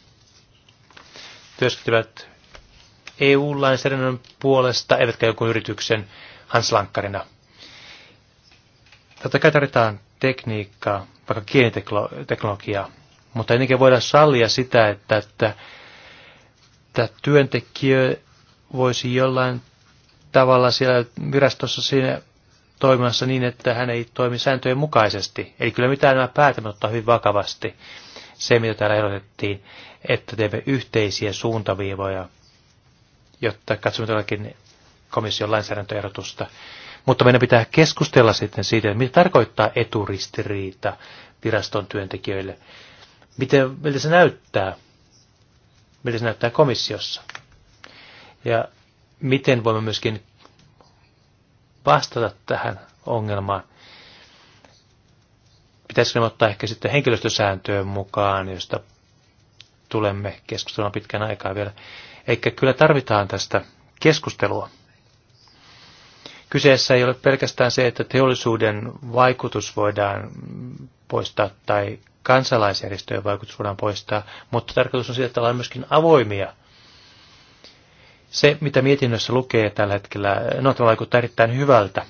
työskentelevät EU-lainsäädännön puolesta, eivätkä joku yrityksen hanslankkarina. Totta kai tarvitaan tekniikkaa, vaikka kieliteknologiaa, mutta ennenkin voidaan sallia sitä, että, että, että työntekijä voisi jollain tavalla siellä virastossa siinä toimimassa niin, että hän ei toimi sääntöjen mukaisesti. Eli kyllä mitään nämä päätelmät ottaa hyvin vakavasti. Se, mitä täällä ehdotettiin, että teemme yhteisiä suuntaviivoja jotta katsomme todellakin komission lainsäädäntöehdotusta. Mutta meidän pitää keskustella sitten siitä, mitä tarkoittaa eturistiriita viraston työntekijöille. Miten, miltä se näyttää? Miltä se näyttää komissiossa? Ja miten voimme myöskin vastata tähän ongelmaan? Pitäisikö ne ottaa ehkä sitten henkilöstösääntöön mukaan, josta tulemme keskustelemaan pitkän aikaa vielä. Eikä kyllä tarvitaan tästä keskustelua. Kyseessä ei ole pelkästään se, että teollisuuden vaikutus voidaan poistaa tai kansalaisjärjestöjen vaikutus voidaan poistaa, mutta tarkoitus on siitä, että ollaan myöskin avoimia. Se, mitä mietinnössä lukee tällä hetkellä, no tämä vaikuttaa erittäin hyvältä,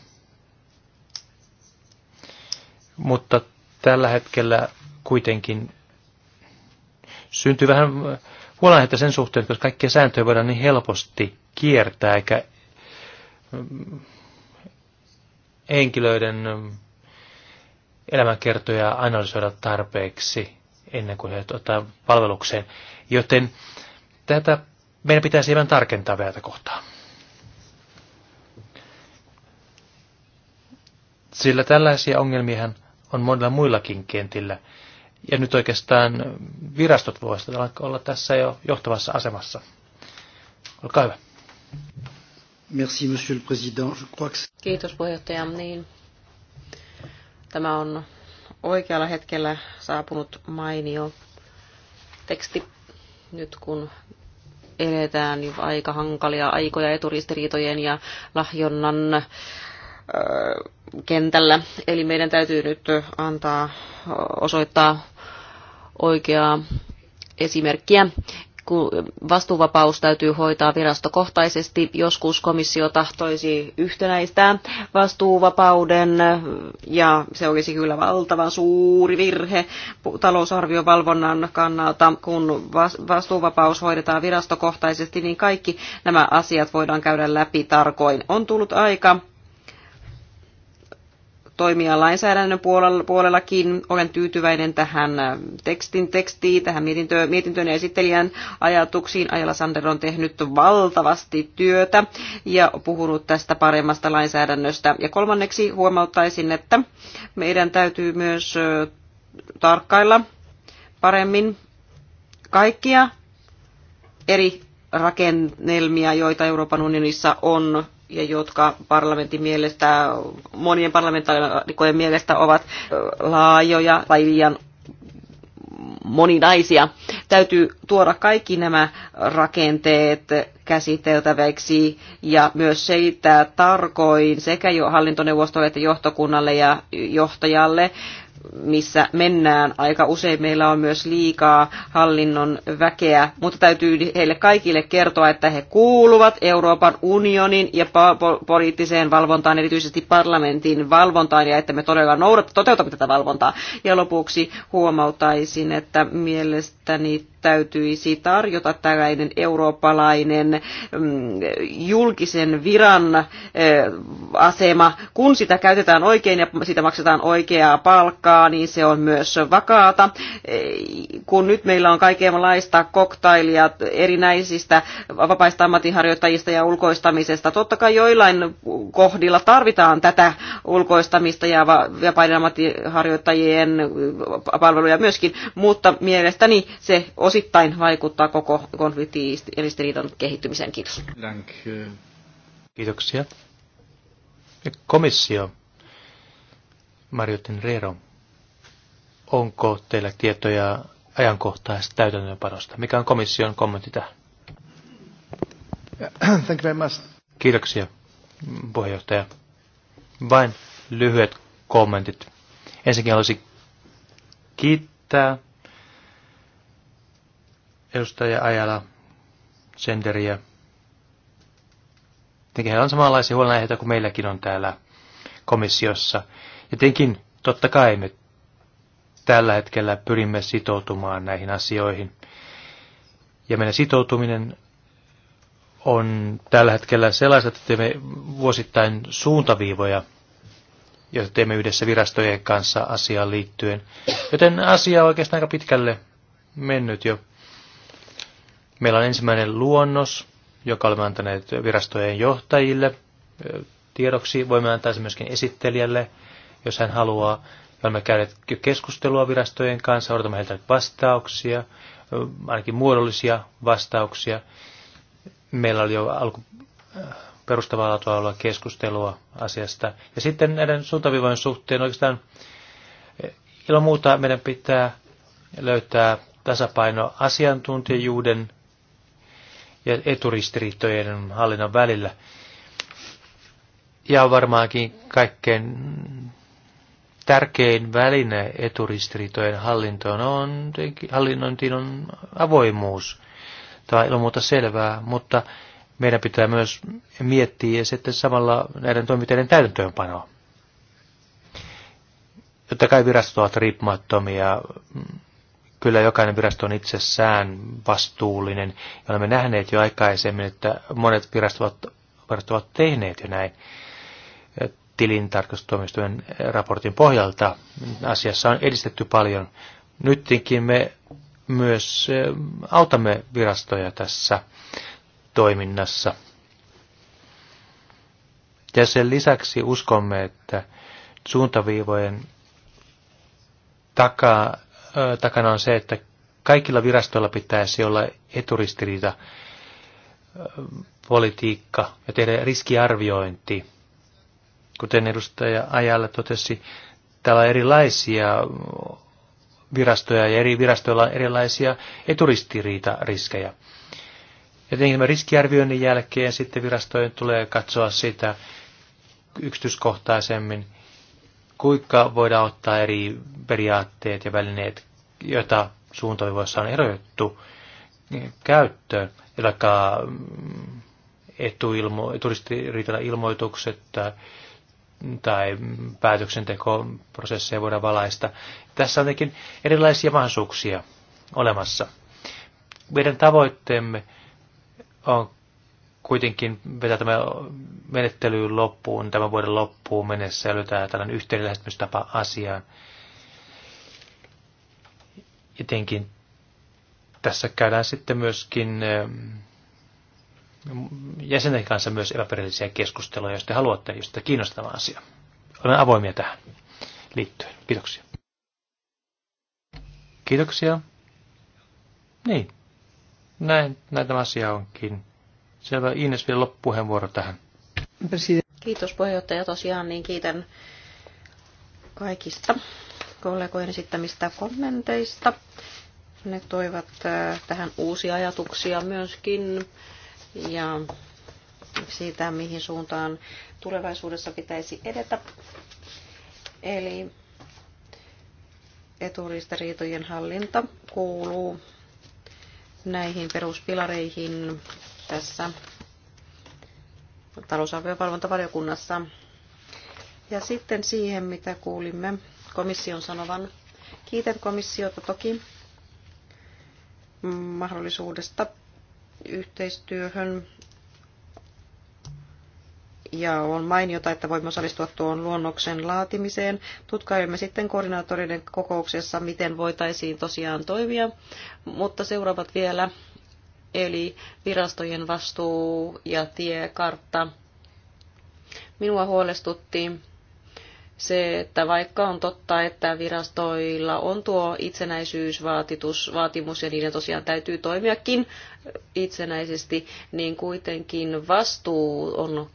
mutta tällä hetkellä kuitenkin syntyy vähän huolenaihetta sen suhteen, koska kaikkia sääntöjä voidaan niin helposti kiertää, eikä mm, henkilöiden mm, elämänkertoja analysoida tarpeeksi ennen kuin he ottaa palvelukseen. Joten tätä meidän pitäisi hieman tarkentaa vielä kohtaa. Sillä tällaisia ongelmia on monilla muillakin kentillä. Ja nyt oikeastaan virastot voisivat olla tässä jo johtavassa asemassa. Olkaa hyvä. Merci, monsieur le président. Je crois que... Kiitos puheenjohtaja. Niin, tämä on oikealla hetkellä saapunut mainio teksti nyt kun eletään jo aika hankalia aikoja eturistiriitojen ja lahjonnan kentällä. Eli meidän täytyy nyt antaa, osoittaa oikeaa esimerkkiä vastuuvapaus täytyy hoitaa virastokohtaisesti. Joskus komissio tahtoisi yhtenäistää vastuuvapauden ja se olisi kyllä valtavan suuri virhe talousarviovalvonnan kannalta. Kun vastuuvapaus hoidetaan virastokohtaisesti, niin kaikki nämä asiat voidaan käydä läpi tarkoin. On tullut aika toimia lainsäädännön puolellakin. Olen tyytyväinen tähän äh, tekstin tekstiin, tähän mietintö, mietintöön ja esittelijän ajatuksiin. Ajala Sander on tehnyt valtavasti työtä ja puhunut tästä paremmasta lainsäädännöstä. Ja kolmanneksi huomauttaisin, että meidän täytyy myös äh, tarkkailla paremmin kaikkia eri rakennelmia, joita Euroopan unionissa on ja jotka parlamentin mielestä, monien parlamentaarikojen mielestä ovat laajoja tai liian moninaisia. Täytyy tuoda kaikki nämä rakenteet käsiteltäväksi ja myös seitä tarkoin sekä jo hallintoneuvostolle että johtokunnalle ja johtajalle missä mennään. Aika usein meillä on myös liikaa hallinnon väkeä, mutta täytyy heille kaikille kertoa, että he kuuluvat Euroopan unionin ja poliittiseen valvontaan, erityisesti parlamentin valvontaan, ja että me todella noudat, toteutamme tätä valvontaa. Ja lopuksi huomautaisin, että mielestäni täytyisi tarjota tällainen eurooppalainen mm, julkisen viran eh, asema. Kun sitä käytetään oikein ja sitä maksetaan oikeaa palkkaa, niin se on myös vakaata. Eh, kun nyt meillä on kaikenlaista koktailia erinäisistä vapaista ammatinharjoittajista ja ulkoistamisesta, totta kai joillain kohdilla tarvitaan tätä ulkoistamista ja vapaiden ammattiharjoittajien palveluja myöskin, mutta mielestäni se osittain vaikuttaa koko konflikti ja ristiriidan kehittymiseen. Kiitos. Kiitoksia. komissio, Marjotin Reero, onko teillä tietoja ajankohtaisesta täytäntöönpanosta? Mikä on komission kommentti tähän? [clears throat] Thank you very much. Kiitoksia, puheenjohtaja. Vain lyhyet kommentit. Ensinnäkin haluaisin kiittää edustaja Ajala Senderiä. Tietenkin heillä on samanlaisia huolenaiheita kuin meilläkin on täällä komissiossa. Ja tietenkin, totta kai me tällä hetkellä pyrimme sitoutumaan näihin asioihin. Ja meidän sitoutuminen on tällä hetkellä sellaista, että teemme vuosittain suuntaviivoja, joita teemme yhdessä virastojen kanssa asiaan liittyen. Joten asia on oikeastaan aika pitkälle mennyt jo. Meillä on ensimmäinen luonnos, joka olemme antaneet virastojen johtajille tiedoksi. Voimme antaa sen myöskin esittelijälle, jos hän haluaa. Olemme käyneet keskustelua virastojen kanssa, odotamme heiltä vastauksia, ainakin muodollisia vastauksia. Meillä oli jo alku, perustavaa laatua olla keskustelua asiasta. Ja sitten näiden suuntavivojen suhteen oikeastaan ilman muuta meidän pitää löytää tasapaino asiantuntijuuden ja eturistiriittojen hallinnan välillä. Ja varmaankin kaikkein tärkein väline eturistiriitojen hallintoon on, hallinnointiin on avoimuus. Tämä on ilman muuta selvää, mutta meidän pitää myös miettiä sitten samalla näiden toimiteiden täytäntöönpanoa. Totta kai virastot ovat riippumattomia mm, kyllä jokainen virasto on itsessään vastuullinen. Ja olemme nähneet jo aikaisemmin, että monet virastot, ovat, ovat tehneet jo näin eh, tilintarkastustoimistojen eh, raportin pohjalta. Asiassa on edistetty paljon. Nytkin me myös eh, autamme virastoja tässä toiminnassa. Ja sen lisäksi uskomme, että suuntaviivojen takaa takana on se, että kaikilla virastoilla pitäisi olla eturistiriita politiikka ja tehdä riskiarviointi. Kuten edustaja Ajalla totesi, täällä on erilaisia virastoja ja eri virastoilla on erilaisia eturistiriita-riskejä. Ja tietenkin tämän riskiarvioinnin jälkeen sitten virastojen tulee katsoa sitä yksityiskohtaisemmin – kuinka voidaan ottaa eri periaatteet ja välineet, joita suuntaviivoissa on erotettu niin käyttöön, vaikka mm, etuilmo, ilmoitukset tai, tai päätöksentekoprosesseja voidaan valaista. Tässä on jotenkin erilaisia mahdollisuuksia olemassa. Meidän tavoitteemme on kuitenkin vetää tämä menettely loppuun, tämän vuoden loppuun mennessä ja löytää tällainen yhteinen lähestymistapa asiaan. Etenkin tässä käydään sitten myöskin ähm, jäsenten kanssa myös epäperillisiä keskusteluja, jos te haluatte, jos te kiinnostava asia. Olen avoimia tähän liittyen. Kiitoksia. Kiitoksia. Niin, näin, näin tämä asia onkin. Selvä. Ines vielä loppupuheenvuoro tähän. Kiitos puheenjohtaja. Tosiaan niin kiitän kaikista kollegojen esittämistä kommenteista. Ne toivat äh, tähän uusia ajatuksia myöskin ja siitä, mihin suuntaan tulevaisuudessa pitäisi edetä. Eli eturistariitojen hallinta kuuluu näihin peruspilareihin tässä talousarviovalvontavaliokunnassa. Ja sitten siihen, mitä kuulimme komission sanovan. Kiitän komissiota toki mahdollisuudesta yhteistyöhön. Ja on mainiota, että voimme osallistua tuon luonnoksen laatimiseen. Tutkailemme sitten koordinaattoreiden kokouksessa, miten voitaisiin tosiaan toimia, mutta seuraavat vielä eli virastojen vastuu ja tiekartta. Minua huolestutti se, että vaikka on totta, että virastoilla on tuo itsenäisyysvaatimus ja niiden tosiaan täytyy toimiakin itsenäisesti, niin kuitenkin vastuu on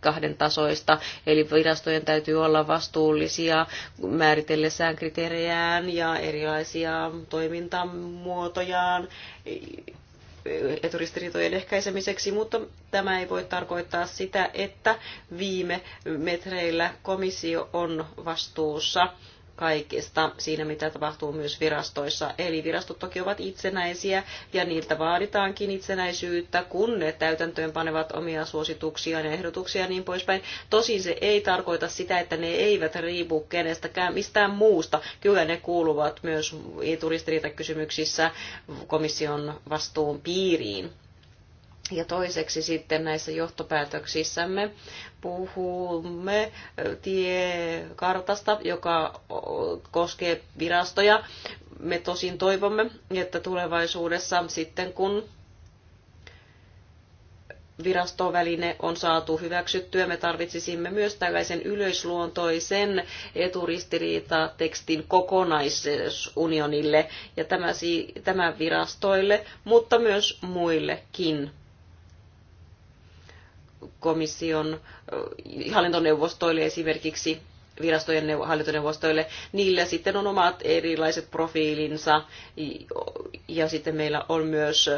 kahden tasoista. Eli virastojen täytyy olla vastuullisia määritellessään kriteerejään ja erilaisia toimintamuotojaan eturistiriitojen ehkäisemiseksi, mutta tämä ei voi tarkoittaa sitä, että viime metreillä komissio on vastuussa kaikesta siinä, mitä tapahtuu myös virastoissa. Eli virastot toki ovat itsenäisiä ja niiltä vaaditaankin itsenäisyyttä, kun ne täytäntöön panevat omia suosituksiaan ja ehdotuksia ja niin poispäin. Tosin se ei tarkoita sitä, että ne eivät riipu kenestäkään mistään muusta. Kyllä ne kuuluvat myös turistiriitakysymyksissä komission vastuun piiriin. Ja toiseksi sitten näissä johtopäätöksissämme puhumme tiekartasta, joka koskee virastoja. Me tosin toivomme, että tulevaisuudessa sitten kun virastoväline on saatu hyväksyttyä. Me tarvitsisimme myös tällaisen yleisluontoisen eturistiriita-tekstin kokonaisunionille ja tämä, tämä virastoille, mutta myös muillekin komission hallintoneuvostoille esimerkiksi virastojen hallintoneuvostoille, niillä sitten on omat erilaiset profiilinsa ja sitten meillä on myös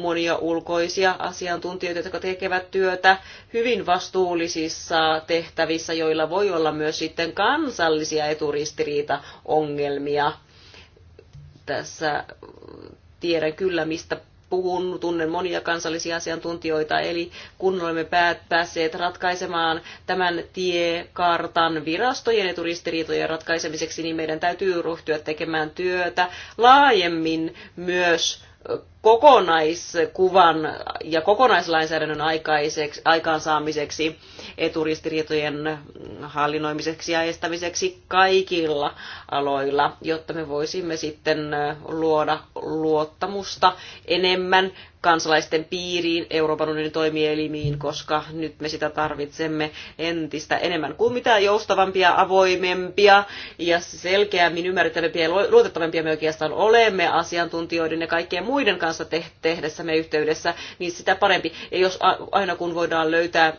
monia ulkoisia asiantuntijoita, jotka tekevät työtä hyvin vastuullisissa tehtävissä, joilla voi olla myös sitten kansallisia eturistiriita-ongelmia. Tässä tiedän kyllä, mistä puhun, tunnen monia kansallisia asiantuntijoita, eli kun olemme päässeet ratkaisemaan tämän tiekartan virastojen eturistiriitojen ratkaisemiseksi, niin meidän täytyy ryhtyä tekemään työtä laajemmin myös kokonaiskuvan ja kokonaislainsäädännön aikaiseksi, aikaansaamiseksi, eturistiriitojen hallinnoimiseksi ja estämiseksi kaikilla aloilla, jotta me voisimme sitten luoda luottamusta enemmän kansalaisten piiriin, Euroopan unionin toimielimiin, koska nyt me sitä tarvitsemme entistä enemmän kuin mitä joustavampia, avoimempia ja selkeämmin ymmärrettävämpiä ja luotettavampia me oikeastaan olemme asiantuntijoiden ja kaikkien muiden kanssa tehdessämme yhteydessä, niin sitä parempi. Ja jos aina kun voidaan löytää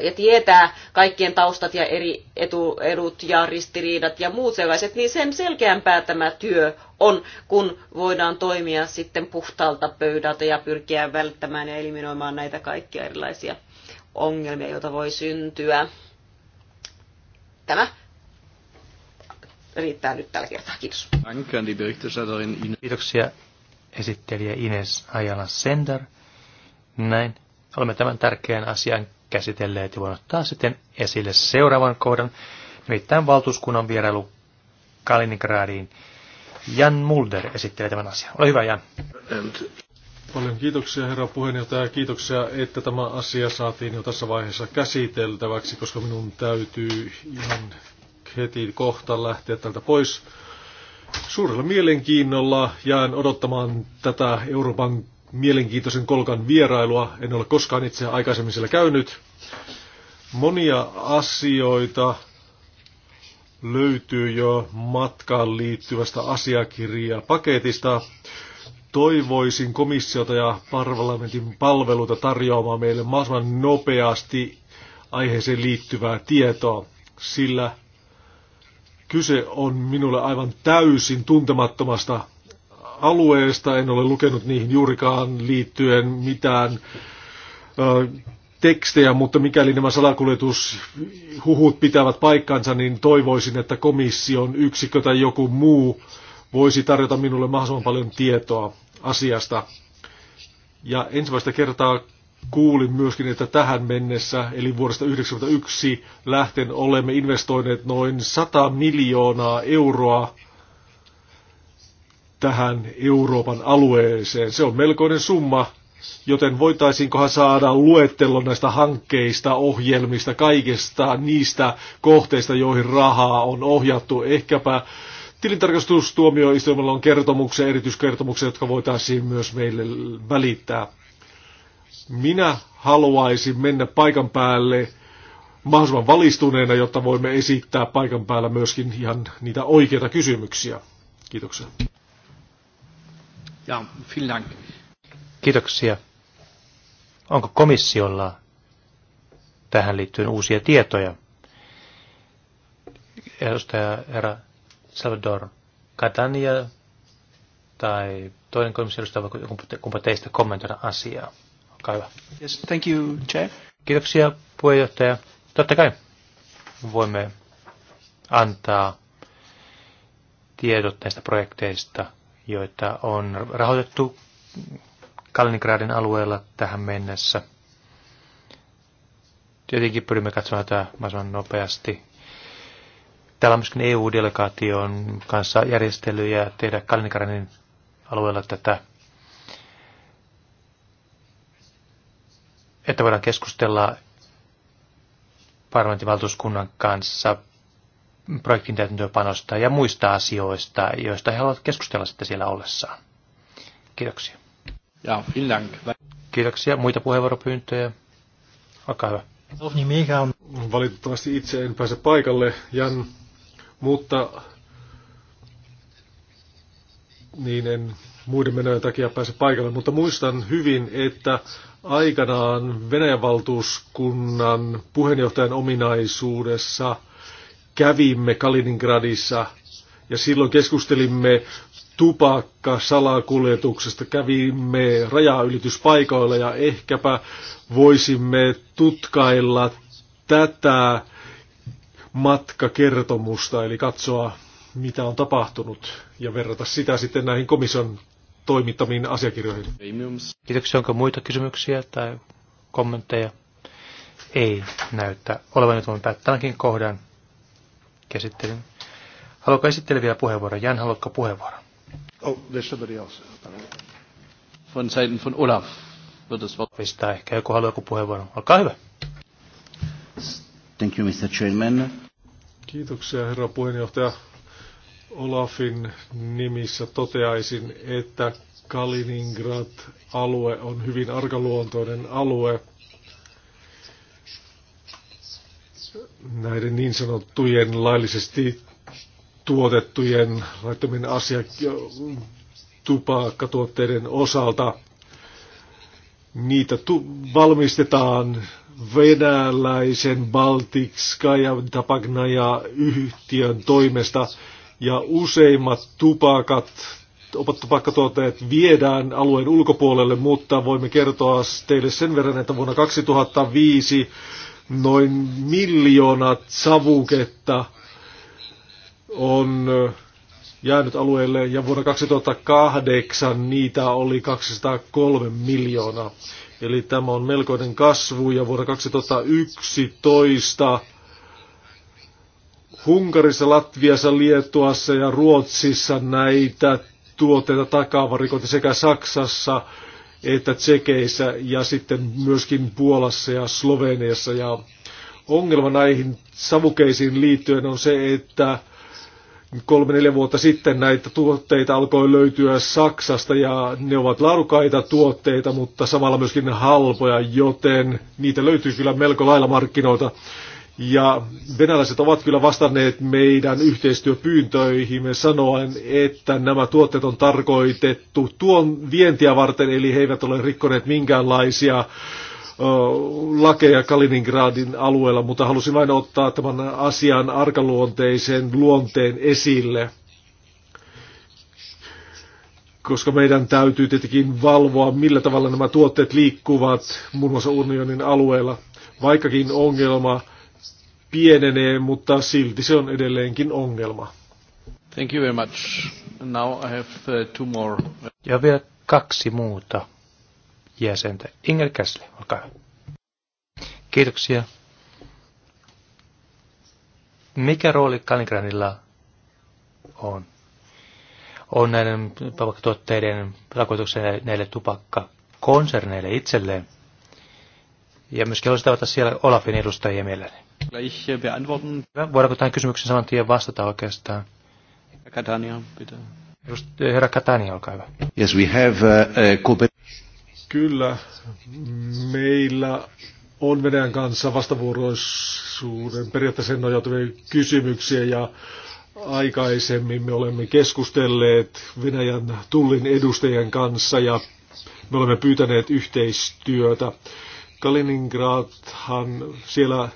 ja tietää kaikkien taustat ja eri etu, edut ja ristiriidat ja muut sellaiset, niin sen selkeämpää tämä työ on, kun voidaan toimia sitten puhtaalta pöydältä ja pyrkiä välttämään ja eliminoimaan näitä kaikkia erilaisia ongelmia, joita voi syntyä. Tämä riittää nyt tällä kertaa. Kiitos. Kiitoksia esittelijä Ines Ajala Sender. Näin olemme tämän tärkeän asian käsitelleet ja voin ottaa sitten esille seuraavan kohdan, nimittäin valtuuskunnan vierailu Kaliningradiin. Jan Mulder esittelee tämän asian. Ole hyvä, Jan. Paljon kiitoksia herra puheenjohtaja ja kiitoksia, että tämä asia saatiin jo tässä vaiheessa käsiteltäväksi, koska minun täytyy ihan heti kohta lähteä tältä pois. Suurella mielenkiinnolla jään odottamaan tätä Euroopan mielenkiintoisen kolkan vierailua. En ole koskaan itse aikaisemmin siellä käynyt. Monia asioita löytyy jo matkaan liittyvästä asiakirjapaketista. Toivoisin komissiota ja parlamentin palveluita tarjoamaan meille mahdollisimman nopeasti aiheeseen liittyvää tietoa, sillä kyse on minulle aivan täysin tuntemattomasta alueesta. En ole lukenut niihin juurikaan liittyen mitään tekstejä, mutta mikäli nämä salakuljetushuhut pitävät paikkansa, niin toivoisin, että komission yksikkö tai joku muu voisi tarjota minulle mahdollisimman paljon tietoa asiasta. Ja ensimmäistä kertaa kuulin myöskin, että tähän mennessä, eli vuodesta 1991 lähten, olemme investoineet noin 100 miljoonaa euroa tähän Euroopan alueeseen. Se on melkoinen summa, joten voitaisiinkohan saada luettelo näistä hankkeista, ohjelmista, kaikesta niistä kohteista, joihin rahaa on ohjattu. Ehkäpä tilintarkastustuomioistuimella on kertomuksia, erityiskertomuksia, jotka voitaisiin myös meille välittää. Minä haluaisin mennä paikan päälle mahdollisimman valistuneena, jotta voimme esittää paikan päällä myöskin ihan niitä oikeita kysymyksiä. Kiitoksia. Ja, vielen Dank. Kiitoksia. Onko komissiolla tähän liittyen uusia tietoja? Edustaja herra Salvador Catania tai toinen komission edustaja, voiko kumpa teistä kommentoida asiaa? Olkaa hyvä. Yes, thank you, Chair. Kiitoksia puheenjohtaja. Totta kai voimme antaa tiedot näistä projekteista joita on rahoitettu Kaliningradin alueella tähän mennessä. Tietenkin pyrimme katsomaan tätä mahdollisimman nopeasti. Täällä on myöskin EU-delegaation kanssa järjestelyjä tehdä Kaliningradin alueella tätä, että voidaan keskustella parlamentin valtuuskunnan kanssa projektin täytäntöönpanosta ja muista asioista, joista he haluavat keskustella sitten siellä ollessaan. Kiitoksia. Ja, vielen dank. Kiitoksia. Muita puheenvuoropyyntöjä? Olkaa hyvä. Valitettavasti itse en pääse paikalle, Jan, mutta niin en muiden menojen takia pääse paikalle, mutta muistan hyvin, että aikanaan Venäjän valtuuskunnan puheenjohtajan ominaisuudessa – kävimme Kaliningradissa ja silloin keskustelimme tupakka salakuljetuksesta, kävimme rajaylityspaikoilla ja ehkäpä voisimme tutkailla tätä matkakertomusta, eli katsoa mitä on tapahtunut ja verrata sitä sitten näihin komission toimittamiin asiakirjoihin. Kiitoksia. Onko muita kysymyksiä tai kommentteja? Ei näyttää olevan, nyt voimme päättää tämänkin kohdan käsittelyn. Haluatko esittele vielä puheenvuoron? Jan, haluatko puheenvuoron? Oh, there's somebody else. Von von Olaf. Pistää ehkä joku haluaa joku puheenvuoron. Olkaa hyvä. Thank you, Mr. Chairman. Kiitoksia, herra puheenjohtaja. Olafin nimissä toteaisin, että Kaliningrad-alue on hyvin arkaluontoinen alue – näiden niin sanottujen laillisesti tuotettujen laittomien asia tupakkatuotteiden osalta. Niitä tu- valmistetaan venäläisen Baltikska ja Tapagnaja yhtiön toimesta ja useimmat tupakat, tupakkatuotteet viedään alueen ulkopuolelle, mutta voimme kertoa teille sen verran, että vuonna 2005 noin miljoonat savuketta on jäänyt alueelle ja vuonna 2008 niitä oli 203 miljoonaa. Eli tämä on melkoinen kasvu ja vuonna 2011 hungarissa, Latviassa, Lietuassa ja Ruotsissa näitä tuotteita takavarikointi sekä Saksassa että Tsekeissä ja sitten myöskin Puolassa ja Sloveniassa. Ja ongelma näihin savukeisiin liittyen on se, että kolme neljä vuotta sitten näitä tuotteita alkoi löytyä Saksasta ja ne ovat laadukaita tuotteita, mutta samalla myöskin halpoja, joten niitä löytyy kyllä melko lailla markkinoilta. Ja venäläiset ovat kyllä vastanneet meidän yhteistyöpyyntöihimme sanoen, että nämä tuotteet on tarkoitettu tuon vientiä varten, eli he eivät ole rikkoneet minkäänlaisia lakeja Kaliningradin alueella, mutta halusin vain ottaa tämän asian arkaluonteisen luonteen esille, koska meidän täytyy tietenkin valvoa, millä tavalla nämä tuotteet liikkuvat muun muassa unionin alueella. Vaikkakin ongelma pienenee, mutta silti se on edelleenkin ongelma. Thank you very much. Now I have uh, two more. Ja vielä kaksi muuta jäsentä. Inger Käsli, olkaa hyvä. Kiitoksia. Mikä rooli Kaligranilla on? On näiden tuotteiden rakoituksen näille tupakkakonserneille itselleen. Ja myöskin haluaisin tavata siellä Olafin edustajia mielelläni gleich äh, beantworten? Voidaanko tähän kysymykseen saman tien vastata oikeastaan? Katania? bitte. Äh, herra Katania olkaa hyvä. Yes, we have uh, uh, Kyllä, meillä on Venäjän kanssa vastavuoroisuuden periaatteeseen nojautuvia kysymyksiä ja aikaisemmin me olemme keskustelleet Venäjän tullin edustajien kanssa ja me olemme pyytäneet yhteistyötä. Kaliningradhan siellä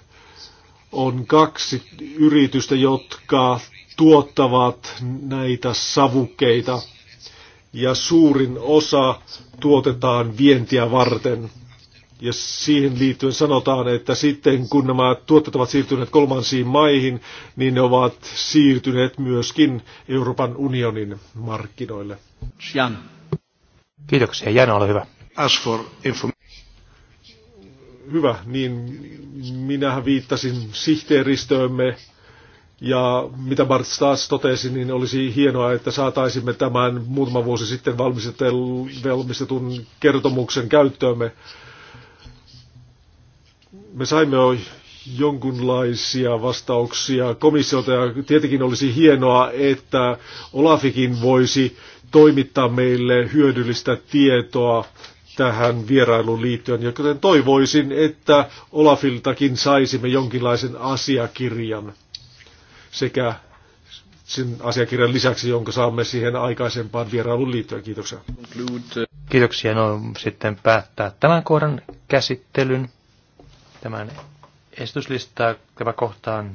on kaksi yritystä, jotka tuottavat näitä savukkeita ja suurin osa tuotetaan vientiä varten. Ja siihen liittyen sanotaan, että sitten kun nämä tuotteet ovat siirtyneet kolmansiin maihin, niin ne ovat siirtyneet myöskin Euroopan unionin markkinoille. Jan. Kiitoksia. Jan, ole hyvä. As for information. Hyvä, niin minähän viittasin sihteeristöömme ja mitä Bart Stas totesi, niin olisi hienoa, että saataisimme tämän muutama vuosi sitten valmistetun kertomuksen käyttöömme. Me saimme jo jonkunlaisia vastauksia komissiolta ja tietenkin olisi hienoa, että Olafikin voisi toimittaa meille hyödyllistä tietoa tähän vierailuun liittyen, joten toivoisin, että Olafiltakin saisimme jonkinlaisen asiakirjan sekä sen asiakirjan lisäksi, jonka saamme siihen aikaisempaan vierailuun liittyen. Kiitoksia. Kiitoksia. No sitten päättää tämän kohdan käsittelyn. Tämän esityslistaa tämä kohtaan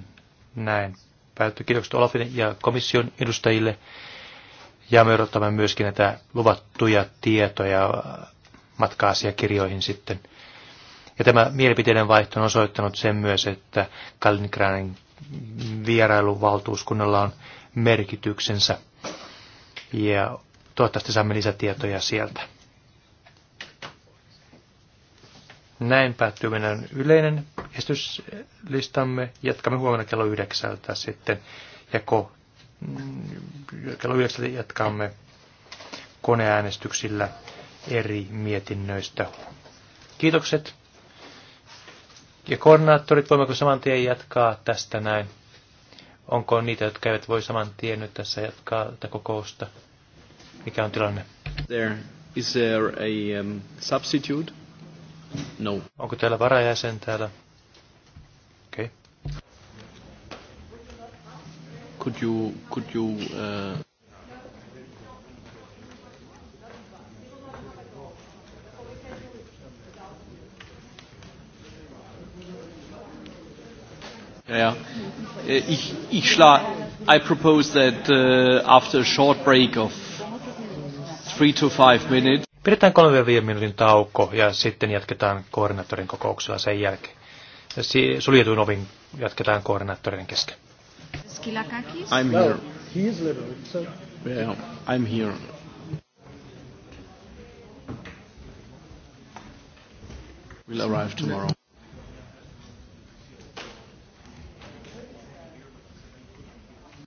näin päätty Kiitokset Olafin ja komission edustajille. Ja me odotamme myöskin näitä luvattuja tietoja matka-asiakirjoihin sitten. Ja tämä mielipiteiden vaihto on osoittanut sen myös, että Kaliningradin valtuuskunnalla on merkityksensä. Ja toivottavasti saamme lisätietoja sieltä. Näin päättyy meidän yleinen esityslistamme. Jatkamme huomenna kello yhdeksältä sitten. Ja ko, mm, kello yhdeksältä jatkamme koneäänestyksillä eri mietinnöistä. Kiitokset. Ja koordinaattorit, voimmeko saman tien jatkaa tästä näin? Onko niitä, jotka eivät voi saman tien nyt tässä jatkaa tätä kokousta? Mikä on tilanne? There. Is there a um, substitute? No. Onko täällä varajäsen täällä? Okei. Okay. Could you, could you, uh... Yeah, äh, yeah. Ich, ich schlag, I propose that uh, after a short break of three to five minutes. Pidetään 3-5 minuutin tauko ja sitten jatketaan koordinaattorin kokouksella sen jälkeen. Suljetuin ovin jatketaan koordinaattorin kesken. I'm here. Yeah, I'm here. We'll arrive tomorrow.